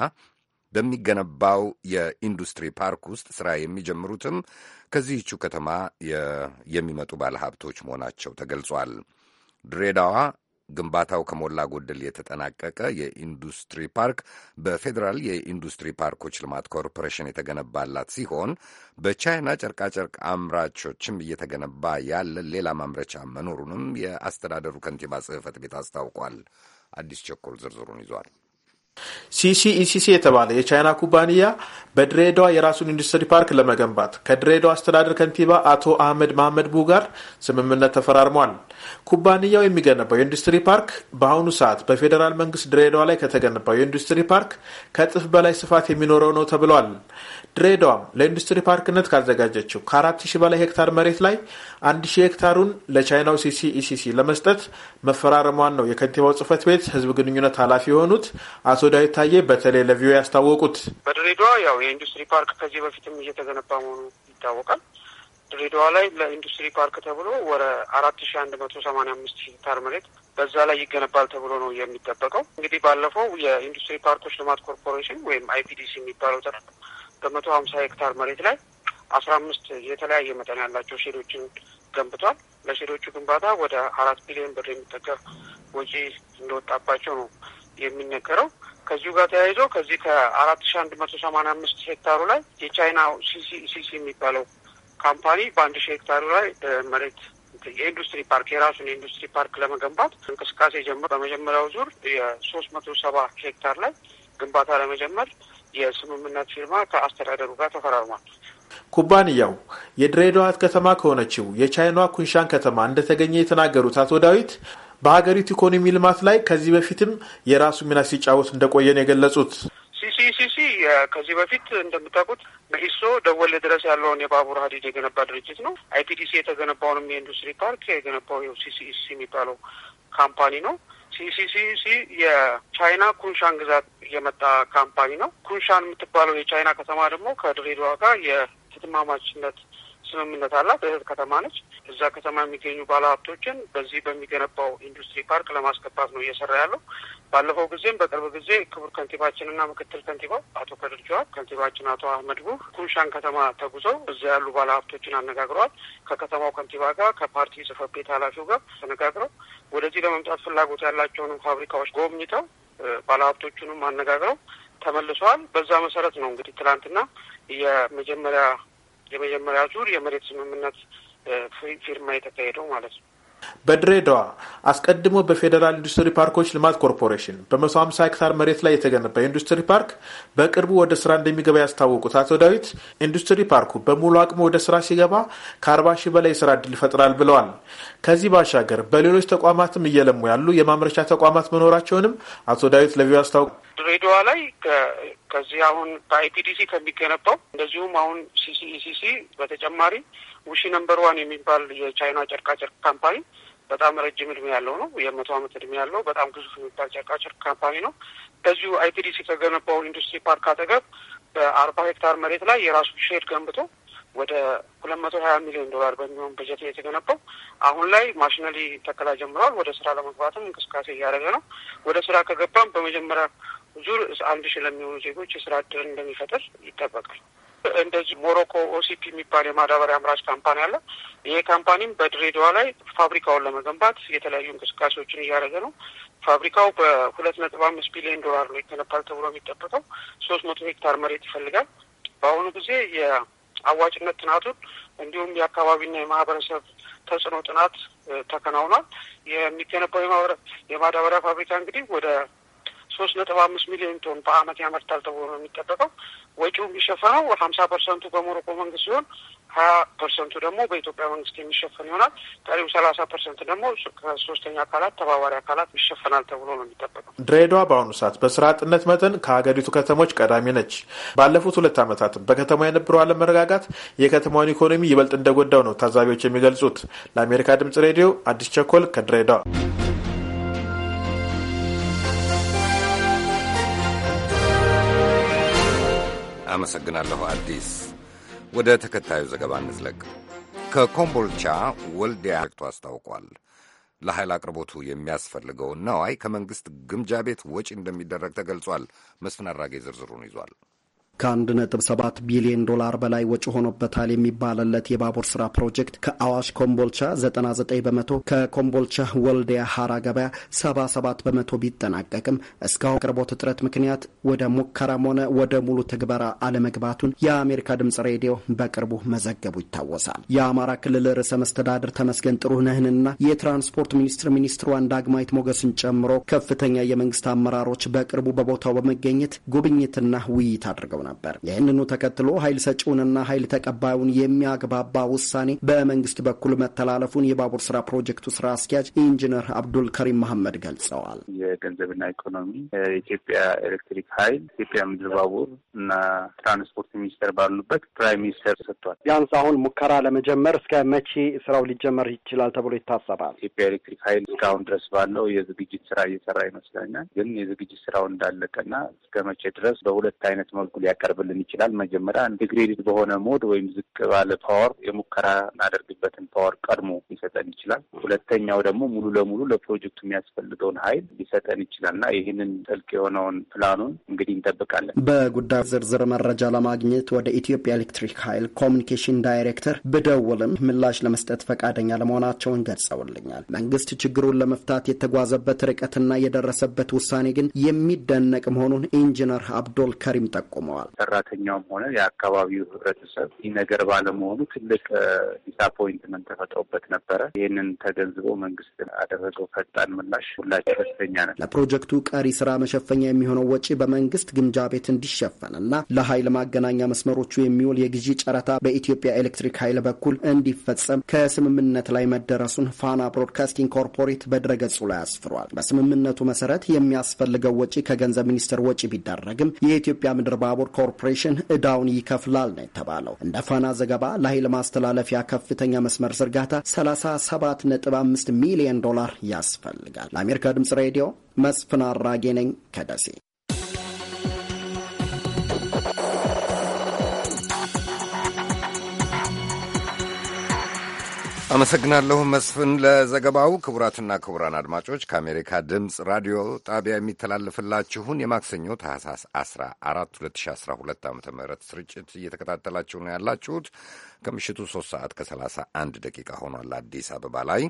በሚገነባው የኢንዱስትሪ ፓርክ ውስጥ ስራ የሚጀምሩትም ከዚህቹ ከተማ የሚመጡ ባለሀብቶች መሆናቸው ተገልጿል። ድሬዳዋ ግንባታው ከሞላ ጎደል የተጠናቀቀ የኢንዱስትሪ ፓርክ በፌዴራል የኢንዱስትሪ ፓርኮች ልማት ኮርፖሬሽን የተገነባላት ሲሆን በቻይና ጨርቃጨርቅ አምራቾችም እየተገነባ ያለ ሌላ ማምረቻ መኖሩንም የአስተዳደሩ ከንቲባ ጽሕፈት ቤት አስታውቋል። አዲስ ቸኮል ዝርዝሩን ይዟል። ሲሲኢሲሲ የተባለ የቻይና ኩባንያ በድሬዳዋ የራሱን ኢንዱስትሪ ፓርክ ለመገንባት ከድሬዳዋ አስተዳደር ከንቲባ አቶ አህመድ መሐመድ ቡ ጋር ስምምነት ተፈራርሟል። ኩባንያው የሚገነባው የኢንዱስትሪ ፓርክ በአሁኑ ሰዓት በፌዴራል መንግስት ድሬዳዋ ላይ ከተገነባው የኢንዱስትሪ ፓርክ ከእጥፍ በላይ ስፋት የሚኖረው ነው ተብሏል። ድሬዳዋም ለኢንዱስትሪ ፓርክነት ካዘጋጀችው ከ4000 በላይ ሄክታር መሬት ላይ 1000 ሄክታሩን ለቻይናው ሲሲኢሲሲ ለመስጠት መፈራረሟን ነው የከንቲባው ጽህፈት ቤት ህዝብ ግንኙነት ኃላፊ የሆኑት አቶ አቶ ዳዊት ታዬ በተለይ ለቪዮ ያስታወቁት በድሬዳዋ ያው የኢንዱስትሪ ፓርክ ከዚህ በፊትም እየተገነባ መሆኑ ይታወቃል። ድሬዳዋ ላይ ለኢንዱስትሪ ፓርክ ተብሎ ወደ አራት ሺ አንድ መቶ ሰማንያ አምስት ሄክታር መሬት በዛ ላይ ይገነባል ተብሎ ነው የሚጠበቀው። እንግዲህ ባለፈው የኢንዱስትሪ ፓርኮች ልማት ኮርፖሬሽን ወይም አይፒዲሲ የሚባለው ተ በመቶ ሀምሳ ሄክታር መሬት ላይ አስራ አምስት የተለያየ መጠን ያላቸው ሼዶችን ገንብቷል። ለሼዶቹ ግንባታ ወደ አራት ቢሊዮን ብር የሚጠጋ ወጪ እንደወጣባቸው ነው የሚነገረው። ከዚሁ ጋር ተያይዞ ከዚህ ከአራት ሺ አንድ መቶ ሰማንያ አምስት ሄክታሩ ላይ የቻይናው ሲሲ የሚባለው ካምፓኒ በአንድ ሺ ሄክታሩ ላይ መሬት የኢንዱስትሪ ፓርክ የራሱን የኢንዱስትሪ ፓርክ ለመገንባት እንቅስቃሴ ጀምሮ በመጀመሪያው ዙር የሶስት መቶ ሰባ ሄክታር ላይ ግንባታ ለመጀመር የስምምነት ፊርማ ከአስተዳደሩ ጋር ተፈራርሟል። ኩባንያው የድሬዳዋት ከተማ ከሆነችው የቻይናዋ ኩንሻን ከተማ እንደተገኘ የተናገሩት አቶ ዳዊት በሀገሪቱ ኢኮኖሚ ልማት ላይ ከዚህ በፊትም የራሱ ሚና ሲጫወት እንደቆየን የገለጹት። ሲሲሲሲ ከዚህ በፊት እንደምታውቁት በሂሶ ደወሌ ድረስ ያለውን የባቡር ሀዲድ የገነባ ድርጅት ነው። አይፒዲሲ የተገነባውንም የኢንዱስትሪ ፓርክ የገነባው ሲሲሲ የሚባለው ካምፓኒ ነው። ሲሲሲሲ የቻይና ኩንሻን ግዛት የመጣ ካምፓኒ ነው። ኩንሻን የምትባለው የቻይና ከተማ ደግሞ ከድሬዳዋ ጋር የትትማማችነት ስምምነት አላት። እህት ከተማ ነች። እዛ ከተማ የሚገኙ ባለሀብቶችን በዚህ በሚገነባው ኢንዱስትሪ ፓርክ ለማስገባት ነው እየሰራ ያለው። ባለፈው ጊዜም በቅርብ ጊዜ ክቡር ከንቲባችንና ምክትል ከንቲባው አቶ ከድር ጀዋር፣ ከንቲባችን አቶ አህመድ ቡህ ኩንሻን ከተማ ተጉዘው እዛ ያሉ ባለሀብቶችን አነጋግረዋል። ከከተማው ከንቲባ ጋር ከፓርቲ ጽህፈት ቤት ኃላፊው ጋር ተነጋግረው ወደዚህ ለመምጣት ፍላጎት ያላቸውንም ፋብሪካዎች ጎብኝተው ባለሀብቶቹንም አነጋግረው ተመልሰዋል። በዛ መሰረት ነው እንግዲህ ትላንትና የመጀመሪያ የመጀመሪያ ዙር የመሬት ስምምነት ፊርማ የተካሄደው ማለት ነው። በድሬዳዋ አስቀድሞ በፌዴራል ኢንዱስትሪ ፓርኮች ልማት ኮርፖሬሽን በመቶ ሀምሳ ሄክታር መሬት ላይ የተገነባ የኢንዱስትሪ ፓርክ በቅርቡ ወደ ስራ እንደሚገባ ያስታወቁት አቶ ዳዊት ኢንዱስትሪ ፓርኩ በሙሉ አቅሙ ወደ ስራ ሲገባ ከአርባ ሺህ በላይ ስራ እድል ይፈጥራል ብለዋል። ከዚህ ባሻገር በሌሎች ተቋማትም እየለሙ ያሉ የማምረቻ ተቋማት መኖራቸውንም አቶ ዳዊት ለቪ አስታውቁ ድሬዳዋ ላይ ከዚህ አሁን በአይፒዲሲ ከሚገነባው እንደዚሁም አሁን ሲሲኢሲሲ በተጨማሪ ውሺ ነምበር ዋን የሚባል የቻይና ጨርቃጨርቅ ካምፓኒ በጣም ረጅም እድሜ ያለው ነው። የመቶ አመት እድሜ ያለው በጣም ግዙፍ የሚባል ጨርቃጨርቅ ካምፓኒ ነው። እንደዚሁ አይፒዲሲ ከገነባው ኢንዱስትሪ ፓርክ አጠገብ በአርባ ሄክታር መሬት ላይ የራሱ ሼድ ገንብቶ ወደ ሁለት መቶ ሀያ ሚሊዮን ዶላር በሚሆን በጀት የተገነባው አሁን ላይ ማሽነሪ ተከላ ጀምረዋል። ወደ ስራ ለመግባትም እንቅስቃሴ እያደረገ ነው። ወደ ስራ ከገባም በመጀመሪያ ዙር አንድ ሺ ለሚሆኑ ዜጎች የስራ እድል እንደሚፈጥር ይጠበቃል። እንደዚህ ሞሮኮ ኦሲፒ የሚባል የማዳበሪያ አምራች ካምፓኒ አለ። ይሄ ካምፓኒም በድሬዳዋ ላይ ፋብሪካውን ለመገንባት የተለያዩ እንቅስቃሴዎችን እያደረገ ነው። ፋብሪካው በሁለት ነጥብ አምስት ቢሊዮን ዶላር ነው ይገነባል ተብሎ የሚጠበቀው። ሶስት መቶ ሄክታር መሬት ይፈልጋል። በአሁኑ ጊዜ የአዋጭነት ጥናቱን እንዲሁም የአካባቢና የማህበረሰብ ተጽዕኖ ጥናት ተከናውኗል። የሚገነባው የማዳበሪያ ፋብሪካ እንግዲህ ወደ ሶስት ነጥብ አምስት ሚሊዮን ቶን በአመት ያመርታል ተብሎ ነው የሚጠበቀው። ወጪው የሚሸፈነው ሀምሳ ፐርሰንቱ በሞሮኮ መንግስት ሲሆን ሀያ ፐርሰንቱ ደግሞ በኢትዮጵያ መንግስት የሚሸፈን ይሆናል። ቀሪው ሰላሳ ፐርሰንት ደግሞ ከሶስተኛ አካላት ተባባሪ አካላት ይሸፈናል ተብሎ ነው የሚጠበቀው። ድሬዳዋ በአሁኑ ሰዓት በስራ አጥነት መጠን ከሀገሪቱ ከተሞች ቀዳሚ ነች። ባለፉት ሁለት አመታት በከተማ የነበረው አለመረጋጋት የከተማውን ኢኮኖሚ ይበልጥ እንደጎዳው ነው ታዛቢዎች የሚገልጹት። ለአሜሪካ ድምጽ ሬዲዮ አዲስ ቸኮል ከድሬዳዋ አመሰግናለሁ አዲስ። ወደ ተከታዩ ዘገባ እንዝለቅ። ከኮምቦልቻ ወልዲያ ቶ አስታውቋል። ለኃይል አቅርቦቱ የሚያስፈልገውን ነዋይ ከመንግሥት ግምጃ ቤት ወጪ እንደሚደረግ ተገልጿል። መስፍን አራጌ ዝርዝሩን ይዟል። ከ1.7 ቢሊዮን ዶላር በላይ ወጪ ሆኖበታል የሚባልለት የባቡር ስራ ፕሮጀክት ከአዋሽ ኮምቦልቻ 99 በመቶ፣ ከኮምቦልቻ ወልዲያ ሀራ ገበያ 77 በመቶ ቢጠናቀቅም እስካሁን አቅርቦት እጥረት ምክንያት ወደ ሙከራም ሆነ ወደ ሙሉ ትግበራ አለመግባቱን የአሜሪካ ድምጽ ሬዲዮ በቅርቡ መዘገቡ ይታወሳል። የአማራ ክልል ርዕሰ መስተዳድር ተመስገን ጥሩነህንና የትራንስፖርት ሚኒስትር ሚኒስትሯን ዳግማዊት ሞገስን ጨምሮ ከፍተኛ የመንግስት አመራሮች በቅርቡ በቦታው በመገኘት ጉብኝትና ውይይት አድርገው ነበር። ይህንኑ ተከትሎ ኃይል ሰጪውንና ኃይል ተቀባዩን የሚያግባባ ውሳኔ በመንግስት በኩል መተላለፉን የባቡር ስራ ፕሮጀክቱ ስራ አስኪያጅ ኢንጂነር አብዱል ከሪም መሐመድ ገልጸዋል። የገንዘብና ኢኮኖሚ፣ የኢትዮጵያ ኤሌክትሪክ ኃይል፣ ኢትዮጵያ ምድር ባቡር እና ትራንስፖርት ሚኒስተር ባሉበት ፕራይም ሚኒስተር ሰጥቷል። ቢያንስ አሁን ሙከራ ለመጀመር እስከ መቼ ስራው ሊጀመር ይችላል ተብሎ ይታሰባል? ኢትዮጵያ ኤሌክትሪክ ኃይል እስካሁን ድረስ ባለው የዝግጅት ስራ እየሰራ ይመስለኛል። ግን የዝግጅት ስራው እንዳለቀና እስከ መቼ ድረስ በሁለት አይነት መልኩ ሊያ ሊያቀርብልን ይችላል። መጀመሪያ ዲግሬድድ በሆነ ሞድ ወይም ዝቅ ባለ ፓወር የሙከራ እናደርግበትን ፓወር ቀድሞ ሊሰጠን ይችላል። ሁለተኛው ደግሞ ሙሉ ለሙሉ ለፕሮጀክቱ የሚያስፈልገውን ኃይል ሊሰጠን ይችላል እና ይህንን ጥልቅ የሆነውን ፕላኑን እንግዲህ እንጠብቃለን። በጉዳዩ ዝርዝር መረጃ ለማግኘት ወደ ኢትዮጵያ ኤሌክትሪክ ኃይል ኮሚኒኬሽን ዳይሬክተር ብደውልም ምላሽ ለመስጠት ፈቃደኛ ለመሆናቸውን ገልጸውልኛል። መንግስት ችግሩን ለመፍታት የተጓዘበት ርቀትና የደረሰበት ውሳኔ ግን የሚደነቅ መሆኑን ኢንጂነር አብዶል ከሪም ጠቁመዋል። ሰራተኛውም ሆነ የአካባቢው ህብረተሰብ ይህ ነገር ባለመሆኑ ትልቅ ዲስአፖይንትመንት ተፈጥሮበት ነበረ። ይህንን ተገንዝቦ መንግስት አደረገው ፈጣን ምላሽ ሁላችን ደስተኛ ነን። ለፕሮጀክቱ ቀሪ ስራ መሸፈኛ የሚሆነው ወጪ በመንግስት ግምጃ ቤት እንዲሸፈንና ለኃይል ማገናኛ መስመሮቹ የሚውል የግዢ ጨረታ በኢትዮጵያ ኤሌክትሪክ ኃይል በኩል እንዲፈጸም ከስምምነት ላይ መደረሱን ፋና ብሮድካስቲንግ ኮርፖሬት በድረገጹ ላይ አስፍሯል። በስምምነቱ መሰረት የሚያስፈልገው ወጪ ከገንዘብ ሚኒስቴር ወጪ ቢደረግም የኢትዮጵያ ምድር ባቡር ኮርፖሬሽን እዳውን ይከፍላል ነው የተባለው። እንደ ፋና ዘገባ ለኃይል ማስተላለፊያ ከፍተኛ መስመር ዝርጋታ 37.5 ሚሊዮን ዶላር ያስፈልጋል። ለአሜሪካ ድምጽ ሬዲዮ መስፍን አራጌ ነኝ ከደሴ። አመሰግናለሁ መስፍን ለዘገባው። ክቡራትና ክቡራን አድማጮች ከአሜሪካ ድምፅ ራዲዮ ጣቢያ የሚተላለፍላችሁን የማክሰኞ ታህሳስ 14 2012 ዓ ም ስርጭት እየተከታተላችሁ ነው ያላችሁት። ከምሽቱ 3 ሰዓት ከ31 ደቂቃ ሆኗል አዲስ አበባ ላይ።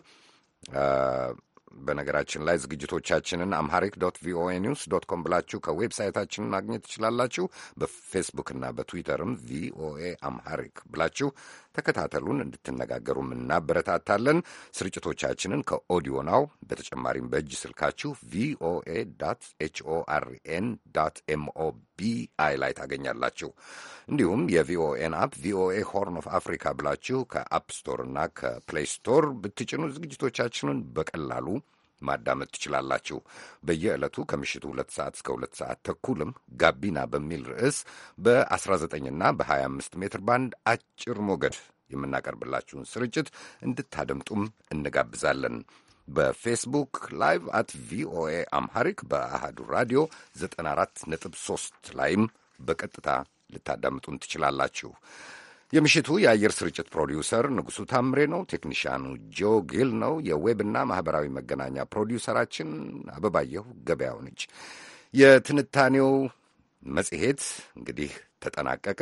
በነገራችን ላይ ዝግጅቶቻችንን አምሃሪክ ዶት ቪኦኤ ኒውስ ዶት ኮም ብላችሁ ከዌብሳይታችን ማግኘት ትችላላችሁ። በፌስቡክና በትዊተርም ቪኦኤ አምሃሪክ ብላችሁ ተከታተሉን፣ እንድትነጋገሩም እናበረታታለን። ስርጭቶቻችንን ከኦዲዮ ናው በተጨማሪም በእጅ ስልካችሁ ቪኦኤ ኤችኦአርኤን አይ ላይ ታገኛላችሁ። እንዲሁም የቪኦኤን አፕ ቪኦኤ ሆርን ኦፍ አፍሪካ ብላችሁ ከአፕ ስቶር እና ከፕሌይ ስቶር ብትጭኑ ዝግጅቶቻችንን በቀላሉ ማዳመጥ ትችላላችሁ። በየዕለቱ ከምሽቱ ሁለት ሰዓት እስከ ሁለት ሰዓት ተኩልም ጋቢና በሚል ርዕስ በ19ና በ25 ሜትር ባንድ አጭር ሞገድ የምናቀርብላችሁን ስርጭት እንድታደምጡም እንጋብዛለን። በፌስቡክ ላይቭ አት ቪኦኤ አምሃሪክ በአሃዱ ራዲዮ 94.3 ላይም በቀጥታ ልታዳምጡን ትችላላችሁ። የምሽቱ የአየር ስርጭት ፕሮዲውሰር ንጉሡ ታምሬ ነው። ቴክኒሽያኑ ጆ ጊል ነው። የዌብና ማኅበራዊ መገናኛ ፕሮዲውሰራችን አበባየሁ ገበያው ነች። የትንታኔው መጽሔት እንግዲህ ተጠናቀቀ።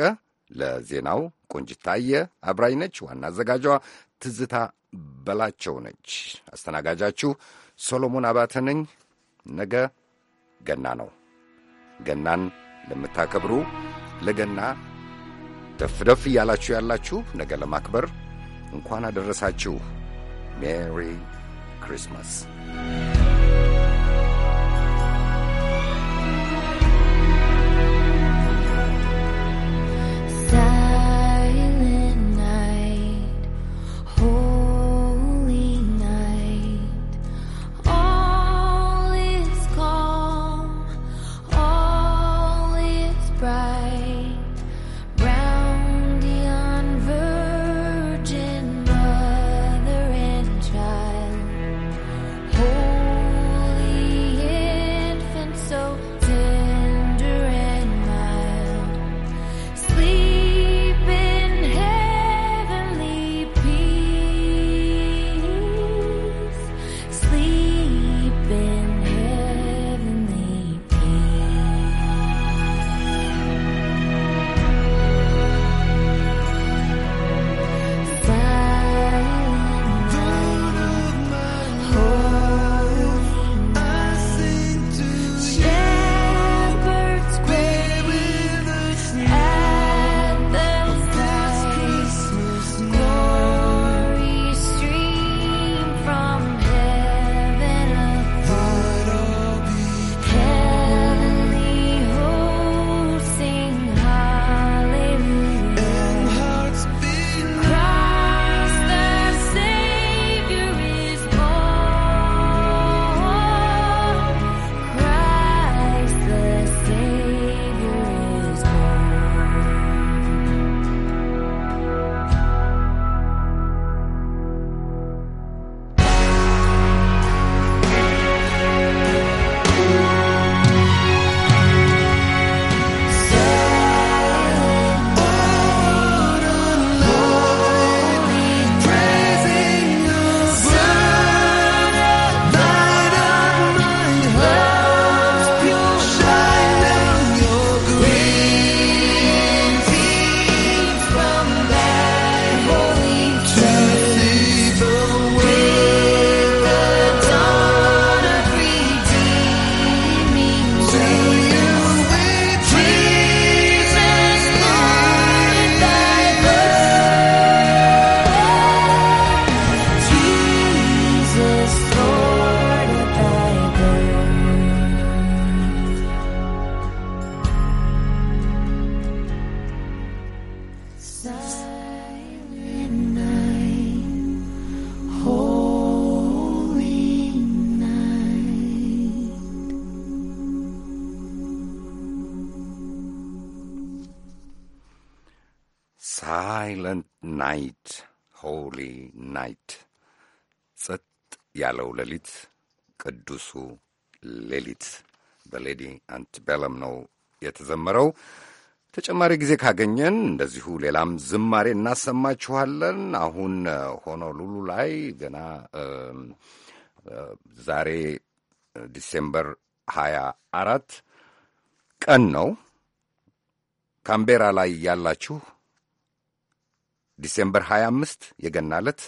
ለዜናው ቆንጅታየ አብራኝ ነች። ዋና አዘጋጇ ትዝታ በላቸው ነች። አስተናጋጃችሁ ሶሎሞን አባተ ነኝ። ነገ ገና ነው። ገናን ለምታከብሩ ለገና ደፍደፍ እያላችሁ ያላችሁ ነገ ለማክበር እንኳን አደረሳችሁ። ሜሪ ክሪስማስ ሆሊ ናይት ጸጥ ያለው ሌሊት፣ ቅዱሱ ሌሊት በሌዲ አንቲቤለም ነው የተዘመረው። ተጨማሪ ጊዜ ካገኘን እንደዚሁ ሌላም ዝማሬ እናሰማችኋለን። አሁን ሆኖ ሉሉ ላይ ገና ዛሬ ዲሴምበር ሀያ አራት ቀን ነው። ካምቤራ ላይ ያላችሁ ዲሴምበር 25 የገና ዕለት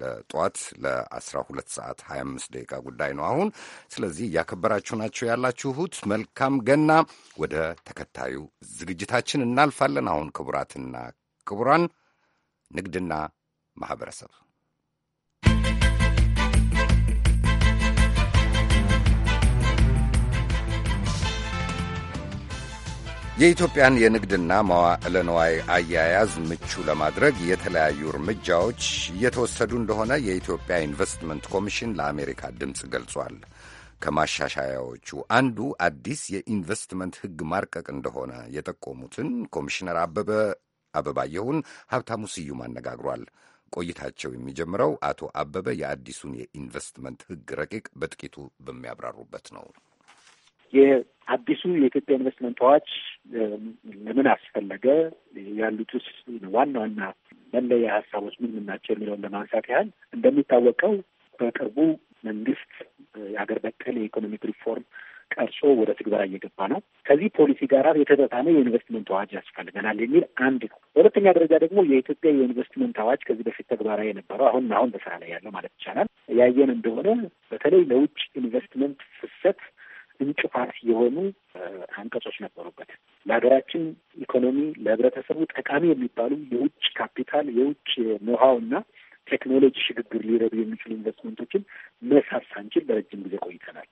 ለጠዋት ለ12 ሰዓት 25 ደቂቃ ጉዳይ ነው አሁን። ስለዚህ እያከበራችሁ ናቸው ያላችሁት። መልካም ገና። ወደ ተከታዩ ዝግጅታችን እናልፋለን። አሁን ክቡራትና ክቡራን ንግድና ማህበረሰብ። የኢትዮጵያን የንግድና መዋዕለ አያያዝ ምቹ ለማድረግ የተለያዩ እርምጃዎች እየተወሰዱ እንደሆነ የኢትዮጵያ ኢንቨስትመንት ኮሚሽን ለአሜሪካ ድምፅ ገልጿል። ከማሻሻያዎቹ አንዱ አዲስ የኢንቨስትመንት ሕግ ማርቀቅ እንደሆነ የጠቆሙትን ኮሚሽነር አበበ አበባየሁን ሀብታሙ ስዩም አነጋግሯል። ቆይታቸው የሚጀምረው አቶ አበበ የአዲሱን የኢንቨስትመንት ሕግ ረቂቅ በጥቂቱ በሚያብራሩበት ነው። የአዲሱ የኢትዮጵያ ኢንቨስትመንት አዋጅ ለምን አስፈለገ ያሉት ውስጥ ዋና ዋና መለያ ሀሳቦች ምን ምናቸው የሚለውን ለማንሳት ያህል እንደሚታወቀው በቅርቡ መንግስት የሀገር በቀል የኢኮኖሚክ ሪፎርም ቀርጾ ወደ ትግበራ እየገባ ነው። ከዚህ ፖሊሲ ጋር የተጣጣመ የኢንቨስትመንት አዋጅ ያስፈልገናል የሚል አንድ ነው። በሁለተኛ ደረጃ ደግሞ የኢትዮጵያ የኢንቨስትመንት አዋጅ ከዚህ በፊት ተግባራዊ የነበረው አሁን አሁን በስራ ላይ ያለው ማለት ይቻላል ያየን እንደሆነ በተለይ ለውጭ ኢንቨስትመንት ፍሰት እንቅፋት የሆኑ አንቀጾች ነበሩበት። ለሀገራችን ኢኮኖሚ፣ ለህብረተሰቡ ጠቃሚ የሚባሉ የውጭ ካፒታል፣ የውጭ ኖሃው እና ቴክኖሎጂ ሽግግር ሊረዱ የሚችሉ ኢንቨስትመንቶችን መሳብ ሳንችል በረጅም ጊዜ ቆይተናል።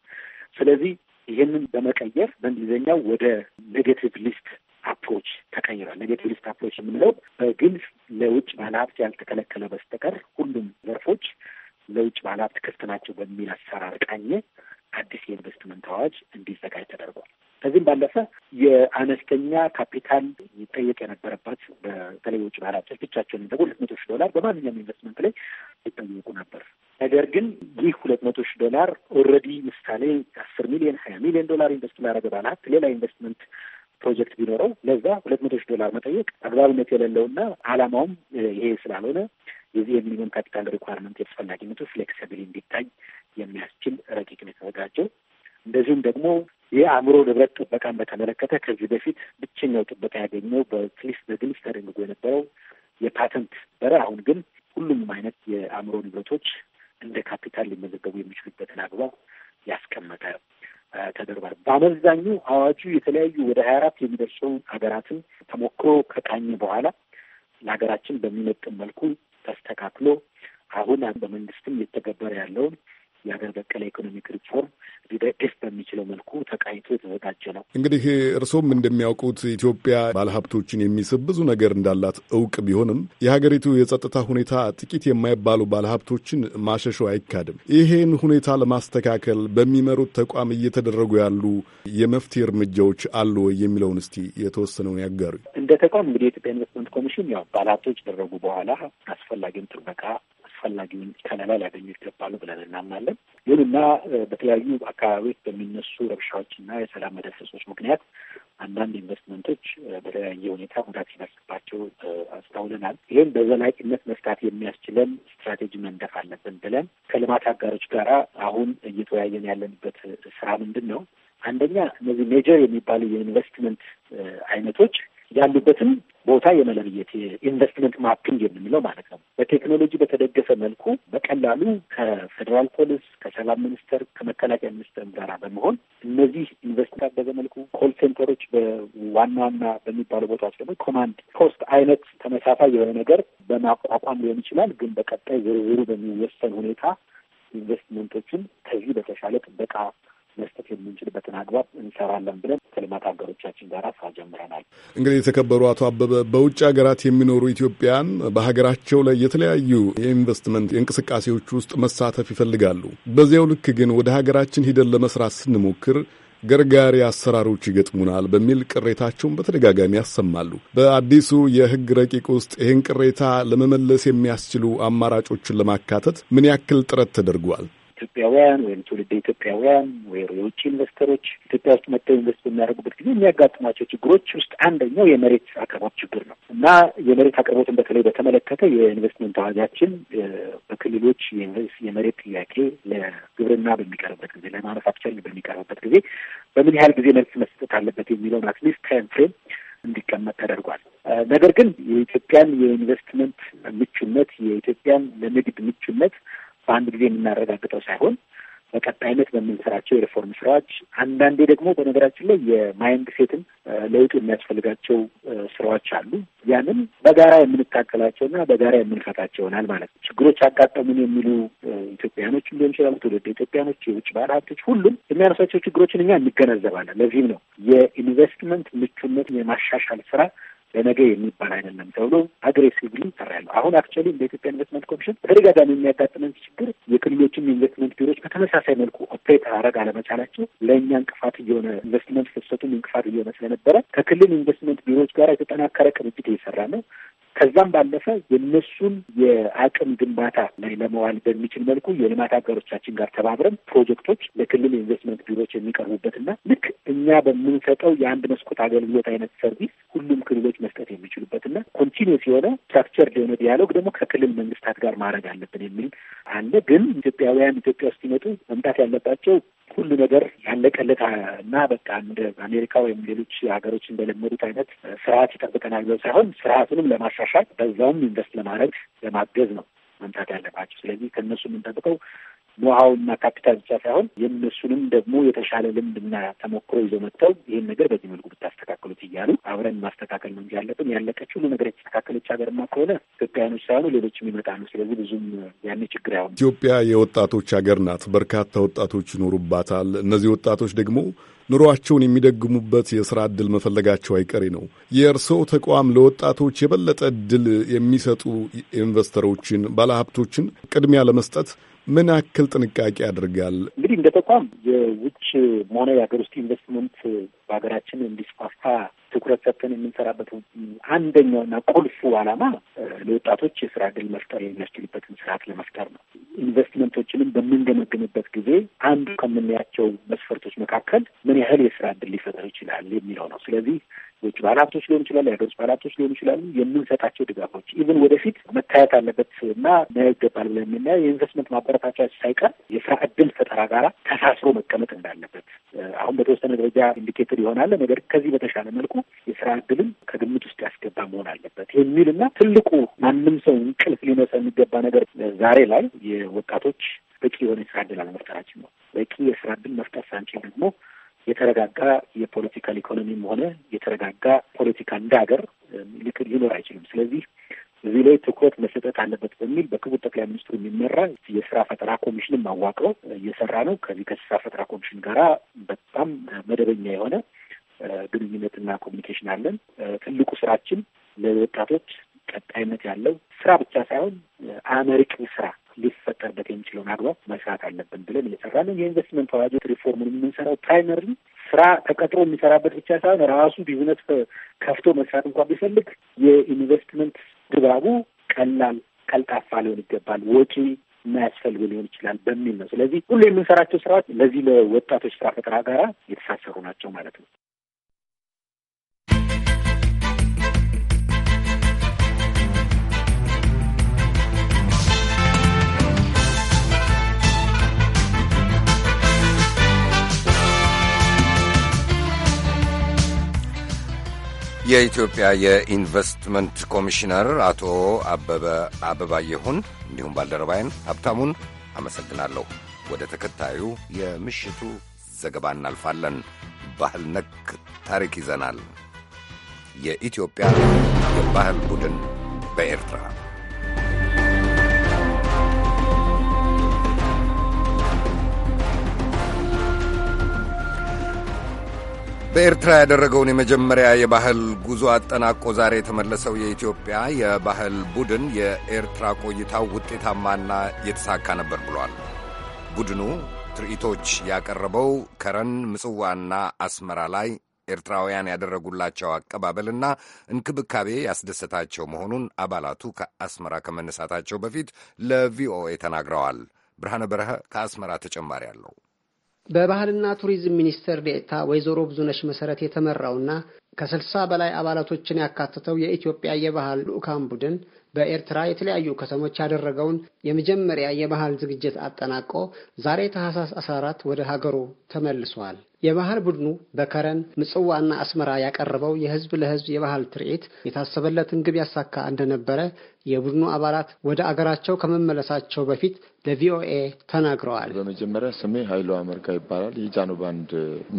ስለዚህ ይህንን በመቀየር በእንግሊዝኛው ወደ ኔጌቲቭ ሊስት አፕሮች ተቀይሯል። ኔጌቲቭ ሊስት አፕሮች የምንለው በግልጽ ለውጭ ባለሀብት ያልተከለከለ በስተቀር ሁሉም ዘርፎች ለውጭ ባለሀብት ክፍት ናቸው በሚል አሰራር ቃኘ አዲስ የኢንቨስትመንት አዋጅ እንዲዘጋጅ ተደርጓል። ከዚህም ባለፈ የአነስተኛ ካፒታል ይጠየቅ የነበረባት በተለይ ውጭ ባለሀብቶች ብቻቸውን ደግሞ ሁለት መቶ ሺህ ዶላር በማንኛውም ኢንቨስትመንት ላይ ይጠየቁ ነበር። ነገር ግን ይህ ሁለት መቶ ሺህ ዶላር ኦልሬዲ ምሳሌ አስር ሚሊዮን ሀያ ሚሊዮን ዶላር ኢንቨስት ላደረገ ባለሀብት ሌላ ኢንቨስትመንት ፕሮጀክት ቢኖረው ለዛ ሁለት መቶ ሺህ ዶላር መጠየቅ አግባብነት የሌለውና አላማውም ይሄ ስላልሆነ የዚህ የሚኒመም ካፒታል ሪኳርመንት የተፈላጊነቱ ፍሌክሲብል እንዲታይ የሚያስችል ረቂቅ ነው የተዘጋጀው። እንደዚሁም ደግሞ የአእምሮ ንብረት ጥበቃን በተመለከተ ከዚህ በፊት ብቸኛው ጥበቃ ያገኘው በክሊፍ በግልጽ ተደንግጎ የነበረው የፓተንት በረ አሁን ግን ሁሉም አይነት የአእምሮ ንብረቶች እንደ ካፒታል ሊመዘገቡ የሚችሉበትን አግባብ ያስቀመጠ ተደርጓል። በአመዛኙ አዋጁ የተለያዩ ወደ ሀያ አራት የሚደርሱ ሀገራትን ተሞክሮ ከቃኘ በኋላ ለሀገራችን በሚመጥን መልኩ ተስተካክሎ አሁን በመንግስትም እየተገበረ ያለውን የሀገር በቀል ኢኮኖሚክ ሪፎርም ሊደግፍ በሚችለው መልኩ ተቃይቶ የተዘጋጀ ነው። እንግዲህ እርስዎም እንደሚያውቁት ኢትዮጵያ ባለሀብቶችን የሚስብ ብዙ ነገር እንዳላት እውቅ ቢሆንም የሀገሪቱ የጸጥታ ሁኔታ ጥቂት የማይባሉ ባለሀብቶችን ማሸሹ አይካድም። ይሄን ሁኔታ ለማስተካከል በሚመሩት ተቋም እየተደረጉ ያሉ የመፍትሄ እርምጃዎች አሉ ወይ የሚለውን እስቲ የተወሰነውን ያጋሩ። እንደ ተቋም እንግዲህ የኢትዮጵያ ኢንቨስትመንት ኮሚሽን ያው ባለሀብቶች ደረጉ በኋላ አስፈላጊውን ጥበቃ አስፈላጊውን ከለላ ሊያገኙ ይገባሉ ብለን እናምናለን። ይሁንና በተለያዩ አካባቢዎች በሚነሱ ረብሻዎችና የሰላም መደፍረሶች ምክንያት አንዳንድ ኢንቨስትመንቶች በተለያየ ሁኔታ ጉዳት ሲደርስባቸው አስተውለናል። ይህም በዘላቂነት መፍታት የሚያስችለን ስትራቴጂ መንደፍ አለብን ብለን ከልማት አጋሮች ጋር አሁን እየተወያየን ያለንበት ስራ ምንድን ነው? አንደኛ እነዚህ ሜጀር የሚባሉ የኢንቨስትመንት አይነቶች ያሉበትን ቦታ የመለየት የኢንቨስትመንት ማፒንግ የምንለው ማለት ነው። በቴክኖሎጂ በተደገፈ መልኩ በቀላሉ ከፌዴራል ፖሊስ፣ ከሰላም ሚኒስቴር፣ ከመከላከያ ሚኒስቴር ጋር በመሆን እነዚህ ኢንቨስት ታገዘ መልኩ ኮል ሴንተሮች በዋና ዋና በሚባሉ ቦታዎች ደግሞ ኮማንድ ፖስት አይነት ተመሳሳይ የሆነ ነገር በማቋቋም ሊሆን ይችላል። ግን በቀጣይ ዝርዝሩ በሚወሰን ሁኔታ ኢንቨስትመንቶችን ከዚህ በተሻለ ጥበቃ መስጠት የምንችልበትን አግባብ እንሰራለን ብለን ከልማት ሀገሮቻችን ጋር ስራ ጀምረናል። እንግዲህ የተከበሩ አቶ አበበ በውጭ ሀገራት የሚኖሩ ኢትዮጵያን በሀገራቸው ላይ የተለያዩ የኢንቨስትመንት እንቅስቃሴዎች ውስጥ መሳተፍ ይፈልጋሉ። በዚያው ልክ ግን ወደ ሀገራችን ሂደን ለመስራት ስንሞክር ገርጋሪ አሰራሮች ይገጥሙናል በሚል ቅሬታቸውን በተደጋጋሚ ያሰማሉ። በአዲሱ የሕግ ረቂቅ ውስጥ ይህን ቅሬታ ለመመለስ የሚያስችሉ አማራጮችን ለማካተት ምን ያክል ጥረት ተደርጓል? ኢትዮጵያውያን ወይም ትውልድ ኢትዮጵያውያን ወይም የውጭ ኢንቨስተሮች ኢትዮጵያ ውስጥ መጥተው ኢንቨስት በሚያደርጉበት ጊዜ የሚያጋጥሟቸው ችግሮች ውስጥ አንደኛው የመሬት አቅርቦት ችግር ነው እና የመሬት አቅርቦትን በተለይ በተመለከተ የኢንቨስትመንት አዋጃችን በክልሎች የመሬት ጥያቄ ለግብርና በሚቀርብበት ጊዜ ለማኑፋክቸር በሚቀርብበት ጊዜ በምን ያህል ጊዜ መልስ መስጠት አለበት የሚለውን አትሊስት ታይም ፍሬም እንዲቀመጥ ተደርጓል። ነገር ግን የኢትዮጵያን የኢንቨስትመንት ምቹነት የኢትዮጵያን ለንግድ ምቹነት በአንድ ጊዜ የምናረጋግጠው ሳይሆን በቀጣይነት በምንሰራቸው የሪፎርም ስራዎች፣ አንዳንዴ ደግሞ በነገራችን ላይ የማይንድ ሴትም ለውጡ የሚያስፈልጋቸው ስራዎች አሉ። ያንን በጋራ የምንታከላቸውና በጋራ የምንፈታቸው ይሆናል ማለት ነው። ችግሮች አጋጠሙን የሚሉ ኢትዮጵያኖች ሊሆን ይችላሉ፣ ትውልድ ኢትዮጵያኖች፣ የውጭ ባለ ሀብቶች፣ ሁሉም የሚያነሳቸው ችግሮችን እኛ እንገነዘባለን። ለዚህም ነው የኢንቨስትመንት ምቹነት የማሻሻል ስራ ለነገ የሚባል አይደለም ተብሎ አግሬሲቭሊ ሰራ አሁን አክቹዋሊ እንደ ኢትዮጵያ ኢንቨስትመንት ኮሚሽን በተደጋጋሚ የሚያጋጥመን ችግር የክልሎችም የኢንቨስትመንት ቢሮዎች በተመሳሳይ መልኩ ኦፕሬት አረግ አለመቻላቸው ለእኛ እንቅፋት እየሆነ ኢንቨስትመንት ፍሰቱም እንቅፋት እየሆነ ስለነበረ ከክልል ኢንቨስትመንት ቢሮዎች ጋር የተጠናከረ ቅንጅት እየሰራ ነው። ከዛም ባለፈ የነሱን የአቅም ግንባታ ላይ ለመዋል በሚችል መልኩ የልማት አጋሮቻችን ጋር ተባብረን ፕሮጀክቶች ለክልል ኢንቨስትመንት ቢሮዎች የሚቀርቡበትና ልክ እኛ በምንሰጠው የአንድ መስኮት አገልግሎት አይነት ሰርቪስ ሁሉም ክልሎች መስጠት የሚችሉበትና ኮንቲኒስ የሆነ ስትራክቸር የሆነ ዲያሎግ ደግሞ ከክልል መንግስታት ጋር ማድረግ አለብን የሚል አለ። ግን ኢትዮጵያውያን ኢትዮጵያ ውስጥ ሲመጡ መምጣት ያለባቸው ሁሉ ነገር ያለቀለት እና በቃ እንደ አሜሪካ ወይም ሌሎች ሀገሮች እንደለመዱት አይነት ስርዓት ይጠብቀናል ብለው ሳይሆን ስርዓቱንም ለማሻሻል በዛውም ኢንቨስት ለማድረግ ለማገዝ ነው መምጣት ያለባቸው። ስለዚህ ከእነሱ የምንጠብቀው ኖሃውና ካፒታል ብቻ ሳይሆን የእነሱንም ደግሞ የተሻለ ልምድና ተሞክሮ ይዘው መጥተው ይህን ነገር በዚህ መልኩ ብታስተካክሉት እያሉ አብረን ማስተካከል ነው እንጂ ያለብን ያለቀችው ሁሉ ነገር የተስተካከለች ሀገርማ ከሆነ ኢትዮጵያውያኖች ሳይሆኑ ሌሎችም ነው። ስለዚህ ብዙም ያኔ ችግር አይሆንም። ኢትዮጵያ የወጣቶች ሀገር ናት። በርካታ ወጣቶች ይኖሩባታል። እነዚህ ወጣቶች ደግሞ ኑሯቸውን የሚደግሙበት የስራ እድል መፈለጋቸው አይቀሬ ነው። የእርስዎ ተቋም ለወጣቶች የበለጠ እድል የሚሰጡ ኢንቨስተሮችን፣ ባለሀብቶችን ቅድሚያ ለመስጠት ምን ያክል ጥንቃቄ ያደርጋል? እንግዲህ እንደ ተቋም የውጭ መሆነ የሀገር ውስጥ ኢንቨስትመንት በሀገራችን እንዲስፋፋ ትኩረት ሰጥተን የምንሰራበት አንደኛውና ቁልፉ ዓላማ ለወጣቶች የስራ እድል መፍጠር የሚያስችልበትን ስርዓት ለመፍጠር ነው። ኢንቨስትመንቶችንም በምንገመግምበት ጊዜ አንዱ ከምናያቸው መስፈርቶች መካከል ምን ያህል የስራ እድል ሊፈጠር ይችላል የሚለው ነው። ስለዚህ የውጭ ባለሀብቶች ሊሆን ይችላል፣ የሀገር ውስጥ ባለሀብቶች ሊሆን ይችላሉ። የምንሰጣቸው ድጋፎች ኢቭን ወደፊት መታየት አለበት እና መያ ይገባል ብለን የምናየው የኢንቨስትመንት ማበረታቻ ሳይቀር የስራ እድል ፈጠራ ጋራ ተሳስሮ መቀመጥ እንዳለበት አሁን በተወሰነ ደረጃ ኢንዲኬተር ይሆናል። ነገር ከዚህ በተሻለ መልኩ የስራ እድልን ከግምት ውስጥ ያስገባ መሆን አለበት የሚል እና ትልቁ ማንም ሰው እንቅልፍ ሊነሳ የሚገባ ነገር ዛሬ ላይ የወጣቶች በቂ የሆነ የስራ እድል አለመፍጠራችን ነው። በቂ የስራ እድል መፍጠር ሳንችል ደግሞ የተረጋጋ የፖለቲካል ኢኮኖሚም ሆነ የተረጋጋ ፖለቲካ እንደ ሀገር ሊኖር አይችልም። ስለዚህ እዚህ ላይ ትኩረት መሰጠት አለበት በሚል በክቡር ጠቅላይ ሚኒስትሩ የሚመራ የስራ ፈጠራ ኮሚሽንም አዋቅረው እየሰራ ነው። ከዚህ ከስራ ፈጠራ ኮሚሽን ጋራ በጣም መደበኛ የሆነ ግንኙነትና ኮሚኒኬሽን አለን። ትልቁ ስራችን ለወጣቶች ቀጣይነት ያለው ስራ ብቻ ሳይሆን አመርቂ ስራ ሊፈጠርበት የሚችለውን አግባብ መስራት አለብን ብለን እየሰራለን። የኢንቨስትመንት አዋጆች ሪፎርሙን የምንሰራው ፕራይመሪ ስራ ተቀጥሮ የሚሰራበት ብቻ ሳይሆን ራሱ ቢዝነስ ከፍቶ መስራት እንኳን ቢፈልግ የኢንቨስትመንት ድባቡ ቀላል፣ ቀልጣፋ ሊሆን ይገባል ወጪ የማያስፈልጉ ሊሆን ይችላል በሚል ነው። ስለዚህ ሁሉ የምንሰራቸው ስራዎች ለዚህ ለወጣቶች ስራ ፈጠራ ጋራ የተሳሰሩ ናቸው ማለት ነው። የኢትዮጵያ የኢንቨስትመንት ኮሚሽነር አቶ አበበ አበባየሁን እንዲሁም ባልደረባይን ሀብታሙን አመሰግናለሁ። ወደ ተከታዩ የምሽቱ ዘገባ እናልፋለን። ባህል ነክ ታሪክ ይዘናል። የኢትዮጵያ የባህል ቡድን በኤርትራ በኤርትራ ያደረገውን የመጀመሪያ የባህል ጉዞ አጠናቆ ዛሬ የተመለሰው የኢትዮጵያ የባህል ቡድን የኤርትራ ቆይታው ውጤታማና የተሳካ ነበር ብሏል። ቡድኑ ትርኢቶች ያቀረበው ከረን፣ ምጽዋና አስመራ ላይ ኤርትራውያን ያደረጉላቸው አቀባበልና እንክብካቤ ያስደሰታቸው መሆኑን አባላቱ ከአስመራ ከመነሳታቸው በፊት ለቪኦኤ ተናግረዋል። ብርሃነ በረሀ ከአስመራ ተጨማሪ አለው። በባህልና ቱሪዝም ሚኒስቴር ዴኤታ ወይዘሮ ብዙነሽ መሰረት የተመራውና ከስልሳ በላይ አባላቶችን ያካተተው የኢትዮጵያ የባህል ልዑካን ቡድን በኤርትራ የተለያዩ ከተሞች ያደረገውን የመጀመሪያ የባህል ዝግጅት አጠናቆ ዛሬ ታህሳስ 14 ወደ ሀገሩ ተመልሷል። የባህል ቡድኑ በከረን ምጽዋና አስመራ ያቀረበው የህዝብ ለህዝብ የባህል ትርኢት የታሰበለትን ግብ ያሳካ እንደነበረ የቡድኑ አባላት ወደ አገራቸው ከመመለሳቸው በፊት ለቪኦኤ ተናግረዋል። በመጀመሪያ ስሜ ኃይሉ አመርጋ ይባላል። የጃኖ ባንድ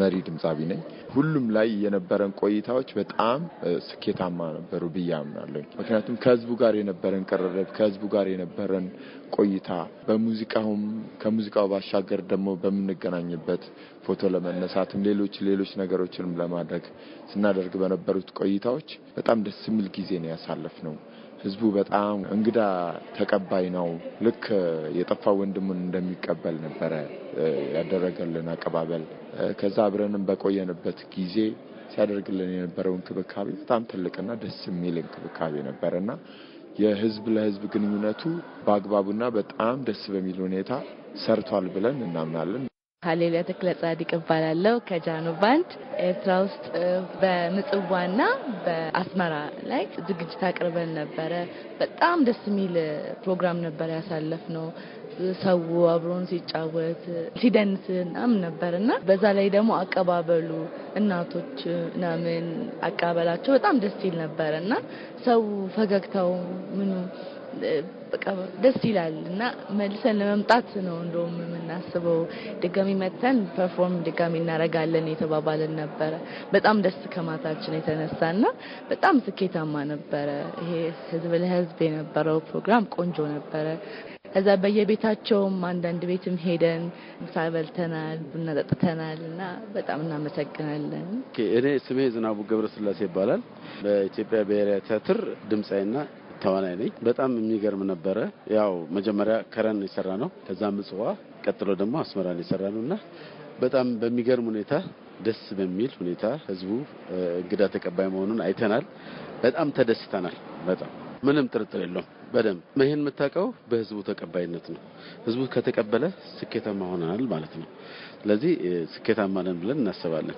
መሪ ድምፃቢ ነኝ። ሁሉም ላይ የነበረን ቆይታዎች በጣም ስኬታማ ነበሩ ብዬ አምናለሁ። ምክንያቱም ከህዝቡ ጋር የነበረን ቅርርብ፣ ከህዝቡ ጋር የነበረን ቆይታ በሙዚቃውም ከሙዚቃው ባሻገር ደግሞ በምንገናኝበት ፎቶ ለመነ ከእሳትም ሌሎች ሌሎች ነገሮችንም ለማድረግ ስናደርግ በነበሩት ቆይታዎች በጣም ደስ የሚል ጊዜ ነው ያሳለፍ ነው። ህዝቡ በጣም እንግዳ ተቀባይ ነው። ልክ የጠፋ ወንድሙን እንደሚቀበል ነበረ ያደረገልን አቀባበል። ከዛ አብረንም በቆየንበት ጊዜ ሲያደርግልን የነበረው እንክብካቤ በጣም ትልቅና ደስ የሚል እንክብካቤ ነበረና የህዝብ ለህዝብ ግንኙነቱ በአግባቡና በጣም ደስ በሚል ሁኔታ ሰርቷል ብለን እናምናለን። ሀሌሉያ ተክለ ጻዲቅ እባላለሁ ከጃኖ ባንድ ኤርትራ ውስጥ በምጽዋና በአስመራ ላይ ዝግጅት አቅርበን ነበረ። በጣም ደስ የሚል ፕሮግራም ነበር ያሳለፍ ነው። ሰው አብሮን ሲጫወት ሲደንስ ምናምን ነበር እና በዛ ላይ ደግሞ አቀባበሉ እናቶች ምናምን አቀባበላቸው በጣም ደስ ይል ነበር እና ሰው ፈገግታው ምኑ ደስ ይላል እና መልሰን ለመምጣት ነው እንደውም የምናስበው። ድጋሚ መጥተን ፐርፎርም ድጋሚ እናደርጋለን የተባባልን ነበረ። በጣም ደስ ከማታችን የተነሳ እና በጣም ስኬታማ ነበረ። ይሄ ህዝብ ለህዝብ የነበረው ፕሮግራም ቆንጆ ነበረ። ከዛ በየቤታቸውም አንዳንድ ቤትም ሄደን ምሳ በልተናል፣ ቡና ጠጥተናል እና በጣም እናመሰግናለን። እኔ ስሜ ዝናቡ ገብረስላሴ ይባላል። በኢትዮጵያ ብሔራዊ ቲያትር ድምፃዊና ተዋናይ ነኝ። በጣም የሚገርም ነበረ። ያው መጀመሪያ ከረን የሰራ ነው፣ ከዛ ምጽዋ፣ ቀጥሎ ደግሞ አስመራን የሰራ ነው እና በጣም በሚገርም ሁኔታ ደስ በሚል ሁኔታ ህዝቡ እንግዳ ተቀባይ መሆኑን አይተናል። በጣም ተደስተናል። በጣም ምንም ጥርጥር የለውም። በደንብ ይህን የምታውቀው በህዝቡ ተቀባይነት ነው። ህዝቡ ከተቀበለ ስኬታማ ሆናል ማለት ነው። ስለዚህ ስኬታማ ነን ብለን እናስባለን።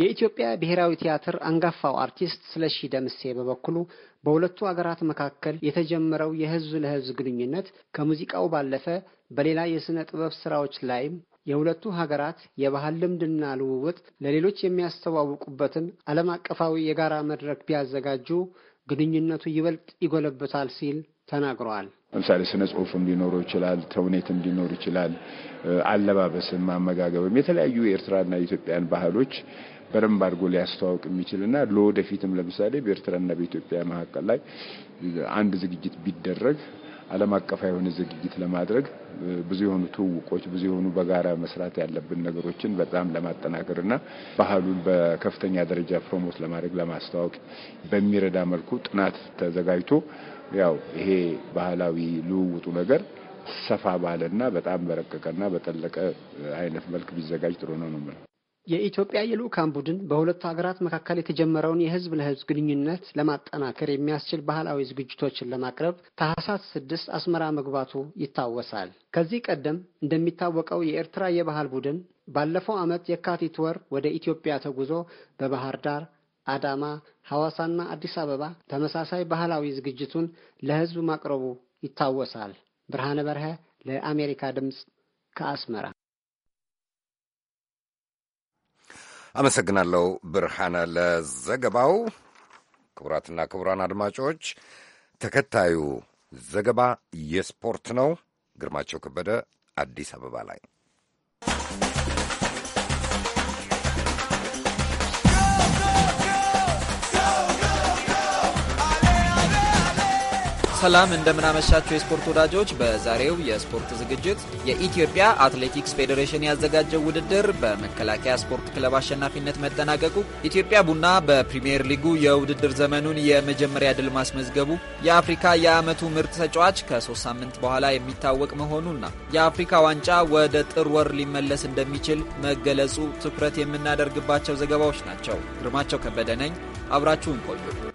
የኢትዮጵያ ብሔራዊ ቲያትር አንጋፋው አርቲስት ስለሺ ደምሴ በበኩሉ በሁለቱ አገራት መካከል የተጀመረው የህዝብ ለህዝ ግንኙነት ከሙዚቃው ባለፈ በሌላ የሥነ ጥበብ ሥራዎች ላይም የሁለቱ ሀገራት የባህል ልምድና ልውውጥ ለሌሎች የሚያስተዋውቁበትን ዓለም አቀፋዊ የጋራ መድረክ ቢያዘጋጁ ግንኙነቱ ይበልጥ ይጎለብታል ሲል ተናግረዋል። ለምሳሌ ስነ ጽሁፍም ሊኖረው ይችላል፣ ተውኔትም ሊኖር ይችላል፣ አለባበስም፣ አመጋገብም የተለያዩ የኤርትራና የኢትዮጵያን ባህሎች በደንብ አድርጎ ሊያስተዋውቅ የሚችልና ለወደፊትም ለምሳሌ በኤርትራና በኢትዮጵያ መካከል ላይ አንድ ዝግጅት ቢደረግ ዓለም አቀፋ የሆነ ዝግጅት ለማድረግ ብዙ የሆኑ ትውውቆች ብዙ የሆኑ በጋራ መስራት ያለብን ነገሮችን በጣም ለማጠናከርና ባህሉን በከፍተኛ ደረጃ ፕሮሞት ለማድረግ ለማስተዋወቅ በሚረዳ መልኩ ጥናት ተዘጋጅቶ ያው ይሄ ባህላዊ ልውውጡ ነገር ሰፋ ባለና በጣም በረቀቀና በጠለቀ አይነት መልክ ቢዘጋጅ ጥሩ ነው ነው የኢትዮጵያ የልዑካን ቡድን በሁለቱ ሀገራት መካከል የተጀመረውን የህዝብ ለህዝብ ግንኙነት ለማጠናከር የሚያስችል ባህላዊ ዝግጅቶችን ለማቅረብ ታህሳስ ስድስት አስመራ መግባቱ ይታወሳል። ከዚህ ቀደም እንደሚታወቀው የኤርትራ የባህል ቡድን ባለፈው ዓመት የካቲት ወር ወደ ኢትዮጵያ ተጉዞ በባህር ዳር፣ አዳማ፣ ሐዋሳና አዲስ አበባ ተመሳሳይ ባህላዊ ዝግጅቱን ለህዝብ ማቅረቡ ይታወሳል። ብርሃነ በርሀ ለአሜሪካ ድምፅ ከአስመራ አመሰግናለሁ ብርሃነ ለዘገባው። ክቡራትና ክቡራን አድማጮች ተከታዩ ዘገባ የስፖርት ነው። ግርማቸው ከበደ አዲስ አበባ ላይ ሰላም እንደምናመሻቸው የስፖርት ወዳጆች፣ በዛሬው የስፖርት ዝግጅት የኢትዮጵያ አትሌቲክስ ፌዴሬሽን ያዘጋጀው ውድድር በመከላከያ ስፖርት ክለብ አሸናፊነት መጠናቀቁ፣ ኢትዮጵያ ቡና በፕሪምየር ሊጉ የውድድር ዘመኑን የመጀመሪያ ድል ማስመዝገቡ፣ የአፍሪካ የዓመቱ ምርጥ ተጫዋች ከሶስት ሳምንት በኋላ የሚታወቅ መሆኑና የአፍሪካ ዋንጫ ወደ ጥር ወር ሊመለስ እንደሚችል መገለጹ ትኩረት የምናደርግባቸው ዘገባዎች ናቸው። ግርማቸው ከበደ ነኝ። አብራችሁን ቆዩ።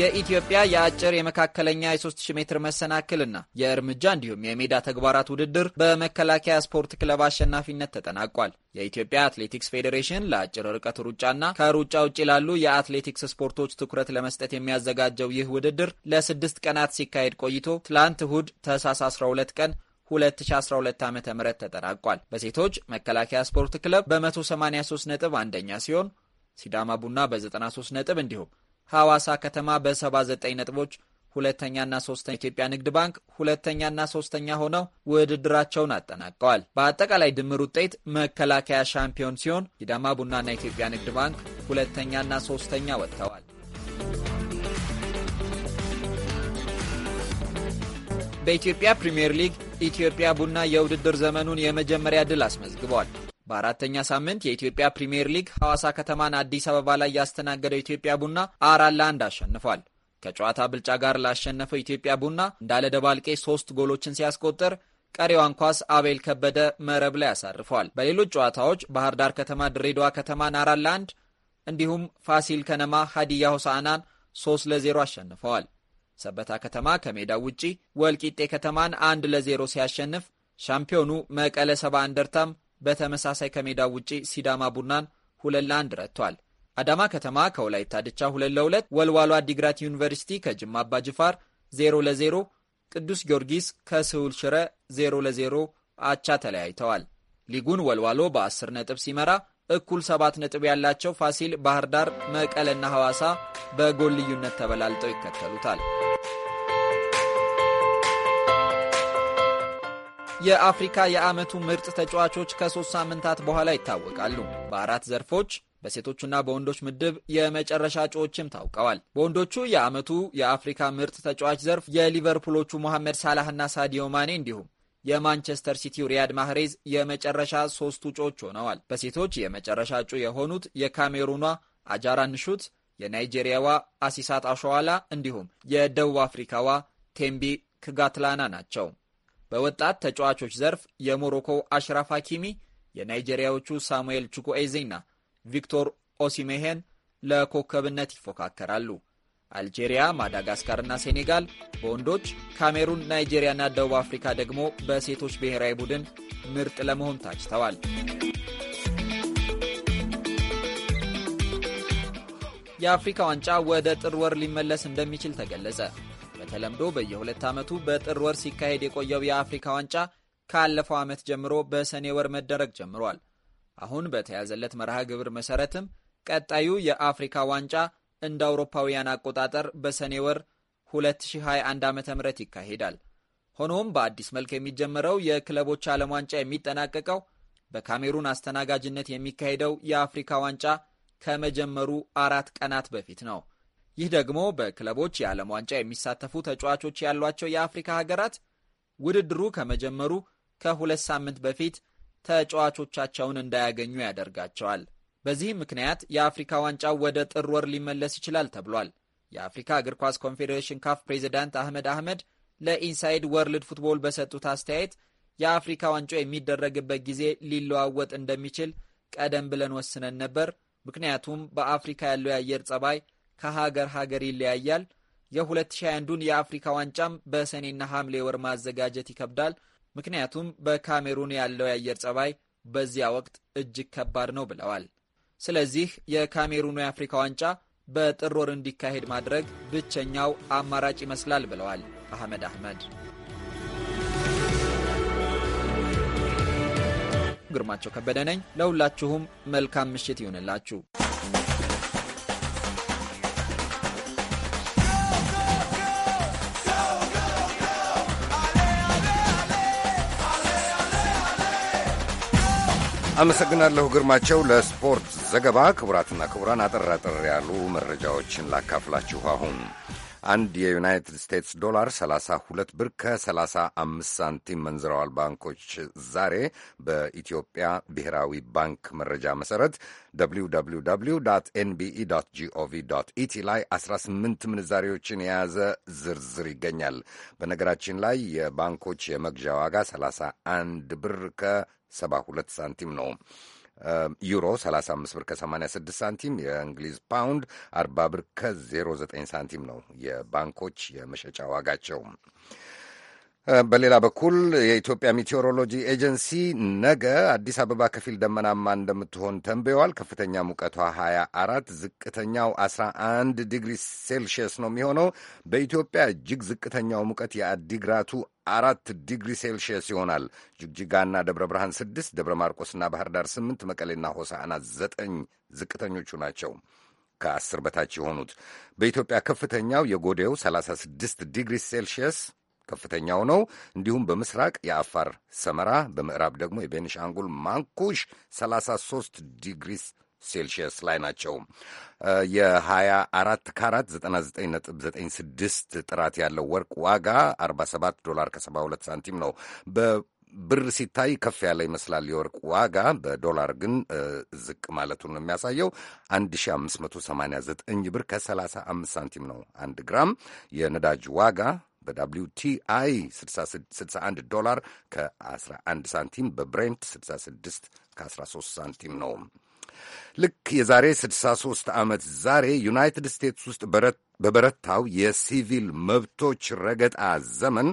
የኢትዮጵያ የአጭር የመካከለኛ የ3000 ሜትር መሰናክልና የእርምጃ እንዲሁም የሜዳ ተግባራት ውድድር በመከላከያ ስፖርት ክለብ አሸናፊነት ተጠናቋል። የኢትዮጵያ አትሌቲክስ ፌዴሬሽን ለአጭር ርቀት ሩጫና ከሩጫ ውጭ ላሉ የአትሌቲክስ ስፖርቶች ትኩረት ለመስጠት የሚያዘጋጀው ይህ ውድድር ለስድስት ቀናት ሲካሄድ ቆይቶ ትላንት እሁድ ታህሳስ 12 ቀን 2012 ዓ ም ተጠናቋል። በሴቶች መከላከያ ስፖርት ክለብ በ183 ነጥብ አንደኛ ሲሆን ሲዳማ ቡና በ93 ነጥብ እንዲሁም ሐዋሳ ከተማ በ79 ነጥቦች ሁለተኛና ሶስተኛ የኢትዮጵያ ንግድ ባንክ ሁለተኛና ሶስተኛ ሆነው ውድድራቸውን አጠናቀዋል። በአጠቃላይ ድምር ውጤት መከላከያ ሻምፒዮን ሲሆን ሲዳማ ቡናና ኢትዮጵያ ንግድ ባንክ ሁለተኛና ሶስተኛ ወጥተዋል። በኢትዮጵያ ፕሪምየር ሊግ ኢትዮጵያ ቡና የውድድር ዘመኑን የመጀመሪያ ድል አስመዝግቧል። በአራተኛ ሳምንት የኢትዮጵያ ፕሪምየር ሊግ ሐዋሳ ከተማን አዲስ አበባ ላይ ያስተናገደው ኢትዮጵያ ቡና አራት ለአንድ አሸንፏል። ከጨዋታ ብልጫ ጋር ላሸነፈው ኢትዮጵያ ቡና እንዳለ ደባልቄ ሶስት ጎሎችን ሲያስቆጥር ቀሪዋን ኳስ አቤል ከበደ መረብ ላይ አሳርፏል። በሌሎች ጨዋታዎች ባህር ዳር ከተማ ድሬዳዋ ከተማን አራት ለአንድ እንዲሁም ፋሲል ከነማ ሀዲያ ሆሳዕናን ሶስት ለዜሮ አሸንፈዋል። ሰበታ ከተማ ከሜዳው ውጪ ወልቂጤ ከተማን አንድ ለዜሮ ሲያሸንፍ ሻምፒዮኑ መቀለ ሰባ እንደርታም በተመሳሳይ ከሜዳው ውጪ ሲዳማ ቡናን ሁለት ለአንድ ረቷል። አዳማ ከተማ ከወላይታ ድቻ ሁለት ለሁለት፣ ወልዋሎ አዲግራት ዩኒቨርሲቲ ከጅማ አባ ጅፋር ዜሮ ለዜሮ፣ ቅዱስ ጊዮርጊስ ከስሁል ሽረ ዜሮ ለዜሮ አቻ ተለያይተዋል። ሊጉን ወልዋሎ በ10 ነጥብ ሲመራ እኩል ሰባት ነጥብ ያላቸው ፋሲል፣ ባህር ዳር፣ መቀለና ሐዋሳ በጎል ልዩነት ተበላልጠው ይከተሉታል። የአፍሪካ የዓመቱ ምርጥ ተጫዋቾች ከሶስት ሳምንታት በኋላ ይታወቃሉ። በአራት ዘርፎች በሴቶቹና በወንዶች ምድብ የመጨረሻ እጩዎችም ታውቀዋል። በወንዶቹ የዓመቱ የአፍሪካ ምርጥ ተጫዋች ዘርፍ የሊቨርፑሎቹ ሞሐመድ ሳላህና ሳዲዮ ማኔ እንዲሁም የማንቸስተር ሲቲው ሪያድ ማህሬዝ የመጨረሻ ሶስቱ እጩዎች ሆነዋል። በሴቶች የመጨረሻ እጩ የሆኑት የካሜሩኗ አጃራ ንሹት፣ የናይጄሪያዋ አሲሳት አሸዋላ እንዲሁም የደቡብ አፍሪካዋ ቴምቢ ክጋትላና ናቸው። በወጣት ተጫዋቾች ዘርፍ የሞሮኮው አሽራፍ ሐኪሚ፣ የናይጄሪያዎቹ ሳሙኤል ቹኩኤዜና ቪክቶር ኦሲሜሄን ለኮከብነት ይፎካከራሉ። አልጄሪያ፣ ማዳጋስካርና ሴኔጋል በወንዶች ካሜሩን፣ ናይጄሪያና ደቡብ አፍሪካ ደግሞ በሴቶች ብሔራዊ ቡድን ምርጥ ለመሆን ታጭተዋል። የአፍሪካ ዋንጫ ወደ ጥር ወር ሊመለስ እንደሚችል ተገለጸ። በተለምዶ በየሁለት ዓመቱ በጥር ወር ሲካሄድ የቆየው የአፍሪካ ዋንጫ ካለፈው ዓመት ጀምሮ በሰኔ ወር መደረግ ጀምሯል። አሁን በተያዘለት መርሃ ግብር መሠረትም ቀጣዩ የአፍሪካ ዋንጫ እንደ አውሮፓውያን አቆጣጠር በሰኔ ወር 2021 ዓ ም ይካሄዳል። ሆኖም በአዲስ መልክ የሚጀመረው የክለቦች ዓለም ዋንጫ የሚጠናቀቀው በካሜሩን አስተናጋጅነት የሚካሄደው የአፍሪካ ዋንጫ ከመጀመሩ አራት ቀናት በፊት ነው። ይህ ደግሞ በክለቦች የዓለም ዋንጫ የሚሳተፉ ተጫዋቾች ያሏቸው የአፍሪካ ሀገራት ውድድሩ ከመጀመሩ ከሁለት ሳምንት በፊት ተጫዋቾቻቸውን እንዳያገኙ ያደርጋቸዋል። በዚህም ምክንያት የአፍሪካ ዋንጫው ወደ ጥር ወር ሊመለስ ይችላል ተብሏል። የአፍሪካ እግር ኳስ ኮንፌዴሬሽን ካፍ ፕሬዚዳንት አህመድ አህመድ ለኢንሳይድ ወርልድ ፉትቦል በሰጡት አስተያየት የአፍሪካ ዋንጫው የሚደረግበት ጊዜ ሊለዋወጥ እንደሚችል ቀደም ብለን ወስነን ነበር። ምክንያቱም በአፍሪካ ያለው የአየር ጸባይ ከሀገር ሀገር ይለያያል። የ2021ዱን የአፍሪካ ዋንጫም በሰኔና ሐምሌ ወር ማዘጋጀት ይከብዳል። ምክንያቱም በካሜሩን ያለው የአየር ጸባይ በዚያ ወቅት እጅግ ከባድ ነው ብለዋል። ስለዚህ የካሜሩኑ የአፍሪካ ዋንጫ በጥር ወር እንዲካሄድ ማድረግ ብቸኛው አማራጭ ይመስላል ብለዋል አህመድ አህመድ። ግርማቸው ከበደ ነኝ። ለሁላችሁም መልካም ምሽት ይሁንላችሁ። አመሰግናለሁ ግርማቸው ለስፖርት ዘገባ። ክቡራትና ክቡራን አጠር አጠር ያሉ መረጃዎችን ላካፍላችሁ። አሁን አንድ የዩናይትድ ስቴትስ ዶላር 32 ብር ከ35 ሳንቲም መንዝረዋል ባንኮች። ዛሬ በኢትዮጵያ ብሔራዊ ባንክ መረጃ መሠረት www ኤንቢኢ ጂኦቪ ኢቲ ላይ 18 ምንዛሬዎችን የያዘ ዝርዝር ይገኛል። በነገራችን ላይ የባንኮች የመግዣ ዋጋ 31 ብር ከ 72 ሳንቲም ነው። ዩሮ 35 ብር ከ86 ሳንቲም፣ የእንግሊዝ ፓውንድ 40 ብር ከ09 ሳንቲም ነው የባንኮች የመሸጫ ዋጋቸው። በሌላ በኩል የኢትዮጵያ ሚቴዎሮሎጂ ኤጀንሲ ነገ አዲስ አበባ ከፊል ደመናማ እንደምትሆን ተንብየዋል። ከፍተኛ ሙቀቷ 24፣ ዝቅተኛው 11 ዲግሪ ሴልሺየስ ነው የሚሆነው። በኢትዮጵያ እጅግ ዝቅተኛው ሙቀት የአዲግራቱ አራት ዲግሪ ሴልሺየስ ይሆናል። ጅግጅጋና ደብረ ብርሃን ስድስት፣ ደብረ ማርቆስና ባህር ዳር ስምንት፣ መቀሌና ሆሳዕና ዘጠኝ ዝቅተኞቹ ናቸው። ከአስር በታች የሆኑት በኢትዮጵያ ከፍተኛው የጎዴው 36 ዲግሪ ሴልሺየስ ከፍተኛው ነው። እንዲሁም በምስራቅ የአፋር ሰመራ፣ በምዕራብ ደግሞ የቤኒሻንጉል ማንኩሽ 33 ዲግሪስ ሴልሺየስ ላይ ናቸው። የ24 ካራት 99.96 ጥራት ያለው ወርቅ ዋጋ 47 ዶላር ከ72 ሳንቲም ነው። በብር ሲታይ ከፍ ያለ ይመስላል የወርቅ ዋጋ፣ በዶላር ግን ዝቅ ማለቱን ነው የሚያሳየው። 1589 ብር ከ35 ሳንቲም ነው አንድ ግራም የነዳጅ ዋጋ በዳብሊው 61 ዶላር ከ11 ሳንቲም በብሬንት 66 ከ13 ሳንቲም ነው። ልክ የዛሬ 63 ዓመት ዛሬ ዩናይትድ ስቴትስ ውስጥ በበረታው የሲቪል መብቶች ረገጣ ዘመን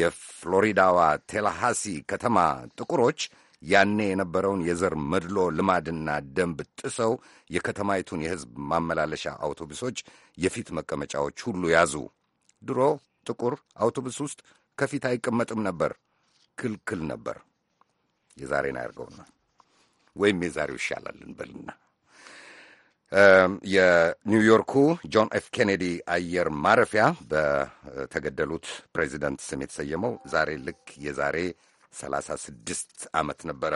የፍሎሪዳዋ ቴላሃሲ ከተማ ጥቁሮች ያኔ የነበረውን የዘር መድሎ ልማድና ደንብ ጥሰው የከተማይቱን የሕዝብ ማመላለሻ አውቶቡሶች የፊት መቀመጫዎች ሁሉ ያዙ። ድሮ ጥቁር አውቶቡስ ውስጥ ከፊት አይቀመጥም ነበር፣ ክልክል ነበር። የዛሬን አያርገውና ወይም የዛሬው ይሻላልን በልና የኒውዮርኩ ጆን ኤፍ ኬኔዲ አየር ማረፊያ በተገደሉት ፕሬዚደንት ስም የተሰየመው ዛሬ ልክ የዛሬ 36 ዓመት ነበረ።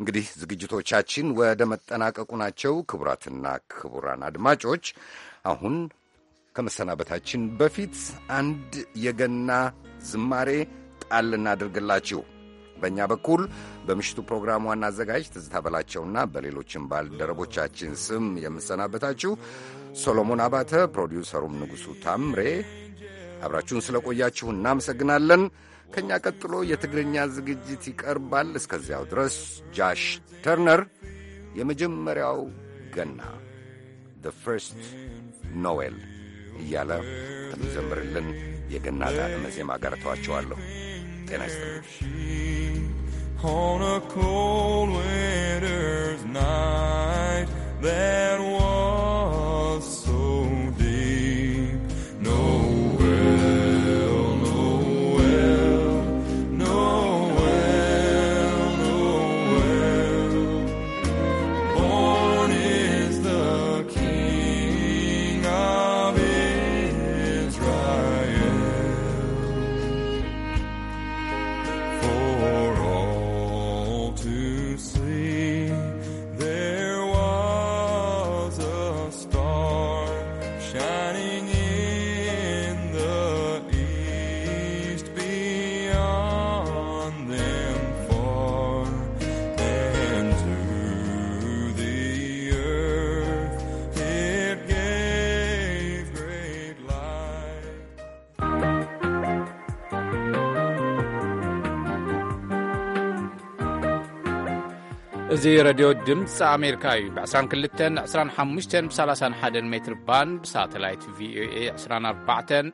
እንግዲህ ዝግጅቶቻችን ወደ መጠናቀቁ ናቸው። ክቡራትና ክቡራን አድማጮች አሁን ከመሰናበታችን በፊት አንድ የገና ዝማሬ ጣል እናድርግላችሁ። በእኛ በኩል በምሽቱ ፕሮግራም ዋና አዘጋጅ ትዝታ በላቸውና በሌሎችም ባልደረቦቻችን ስም የምሰናበታችሁ ሶሎሞን አባተ፣ ፕሮዲውሰሩም ንጉሡ ታምሬ፣ አብራችሁን ስለቆያችሁ እናመሰግናለን። ከእኛ ቀጥሎ የትግርኛ ዝግጅት ይቀርባል። እስከዚያው ድረስ ጃሽ ተርነር የመጀመሪያው ገና ፈርስት ኖዌል። እያለ ከሚዘምርልን የገና ጣዕመ ዜማ ጋር ተዋቸዋለሁ። ጤና ይስጥልኝ። إዚ رድዮ ድمፂ ኣمرካእዩ ب222531 ሜرب ሳተليت vo2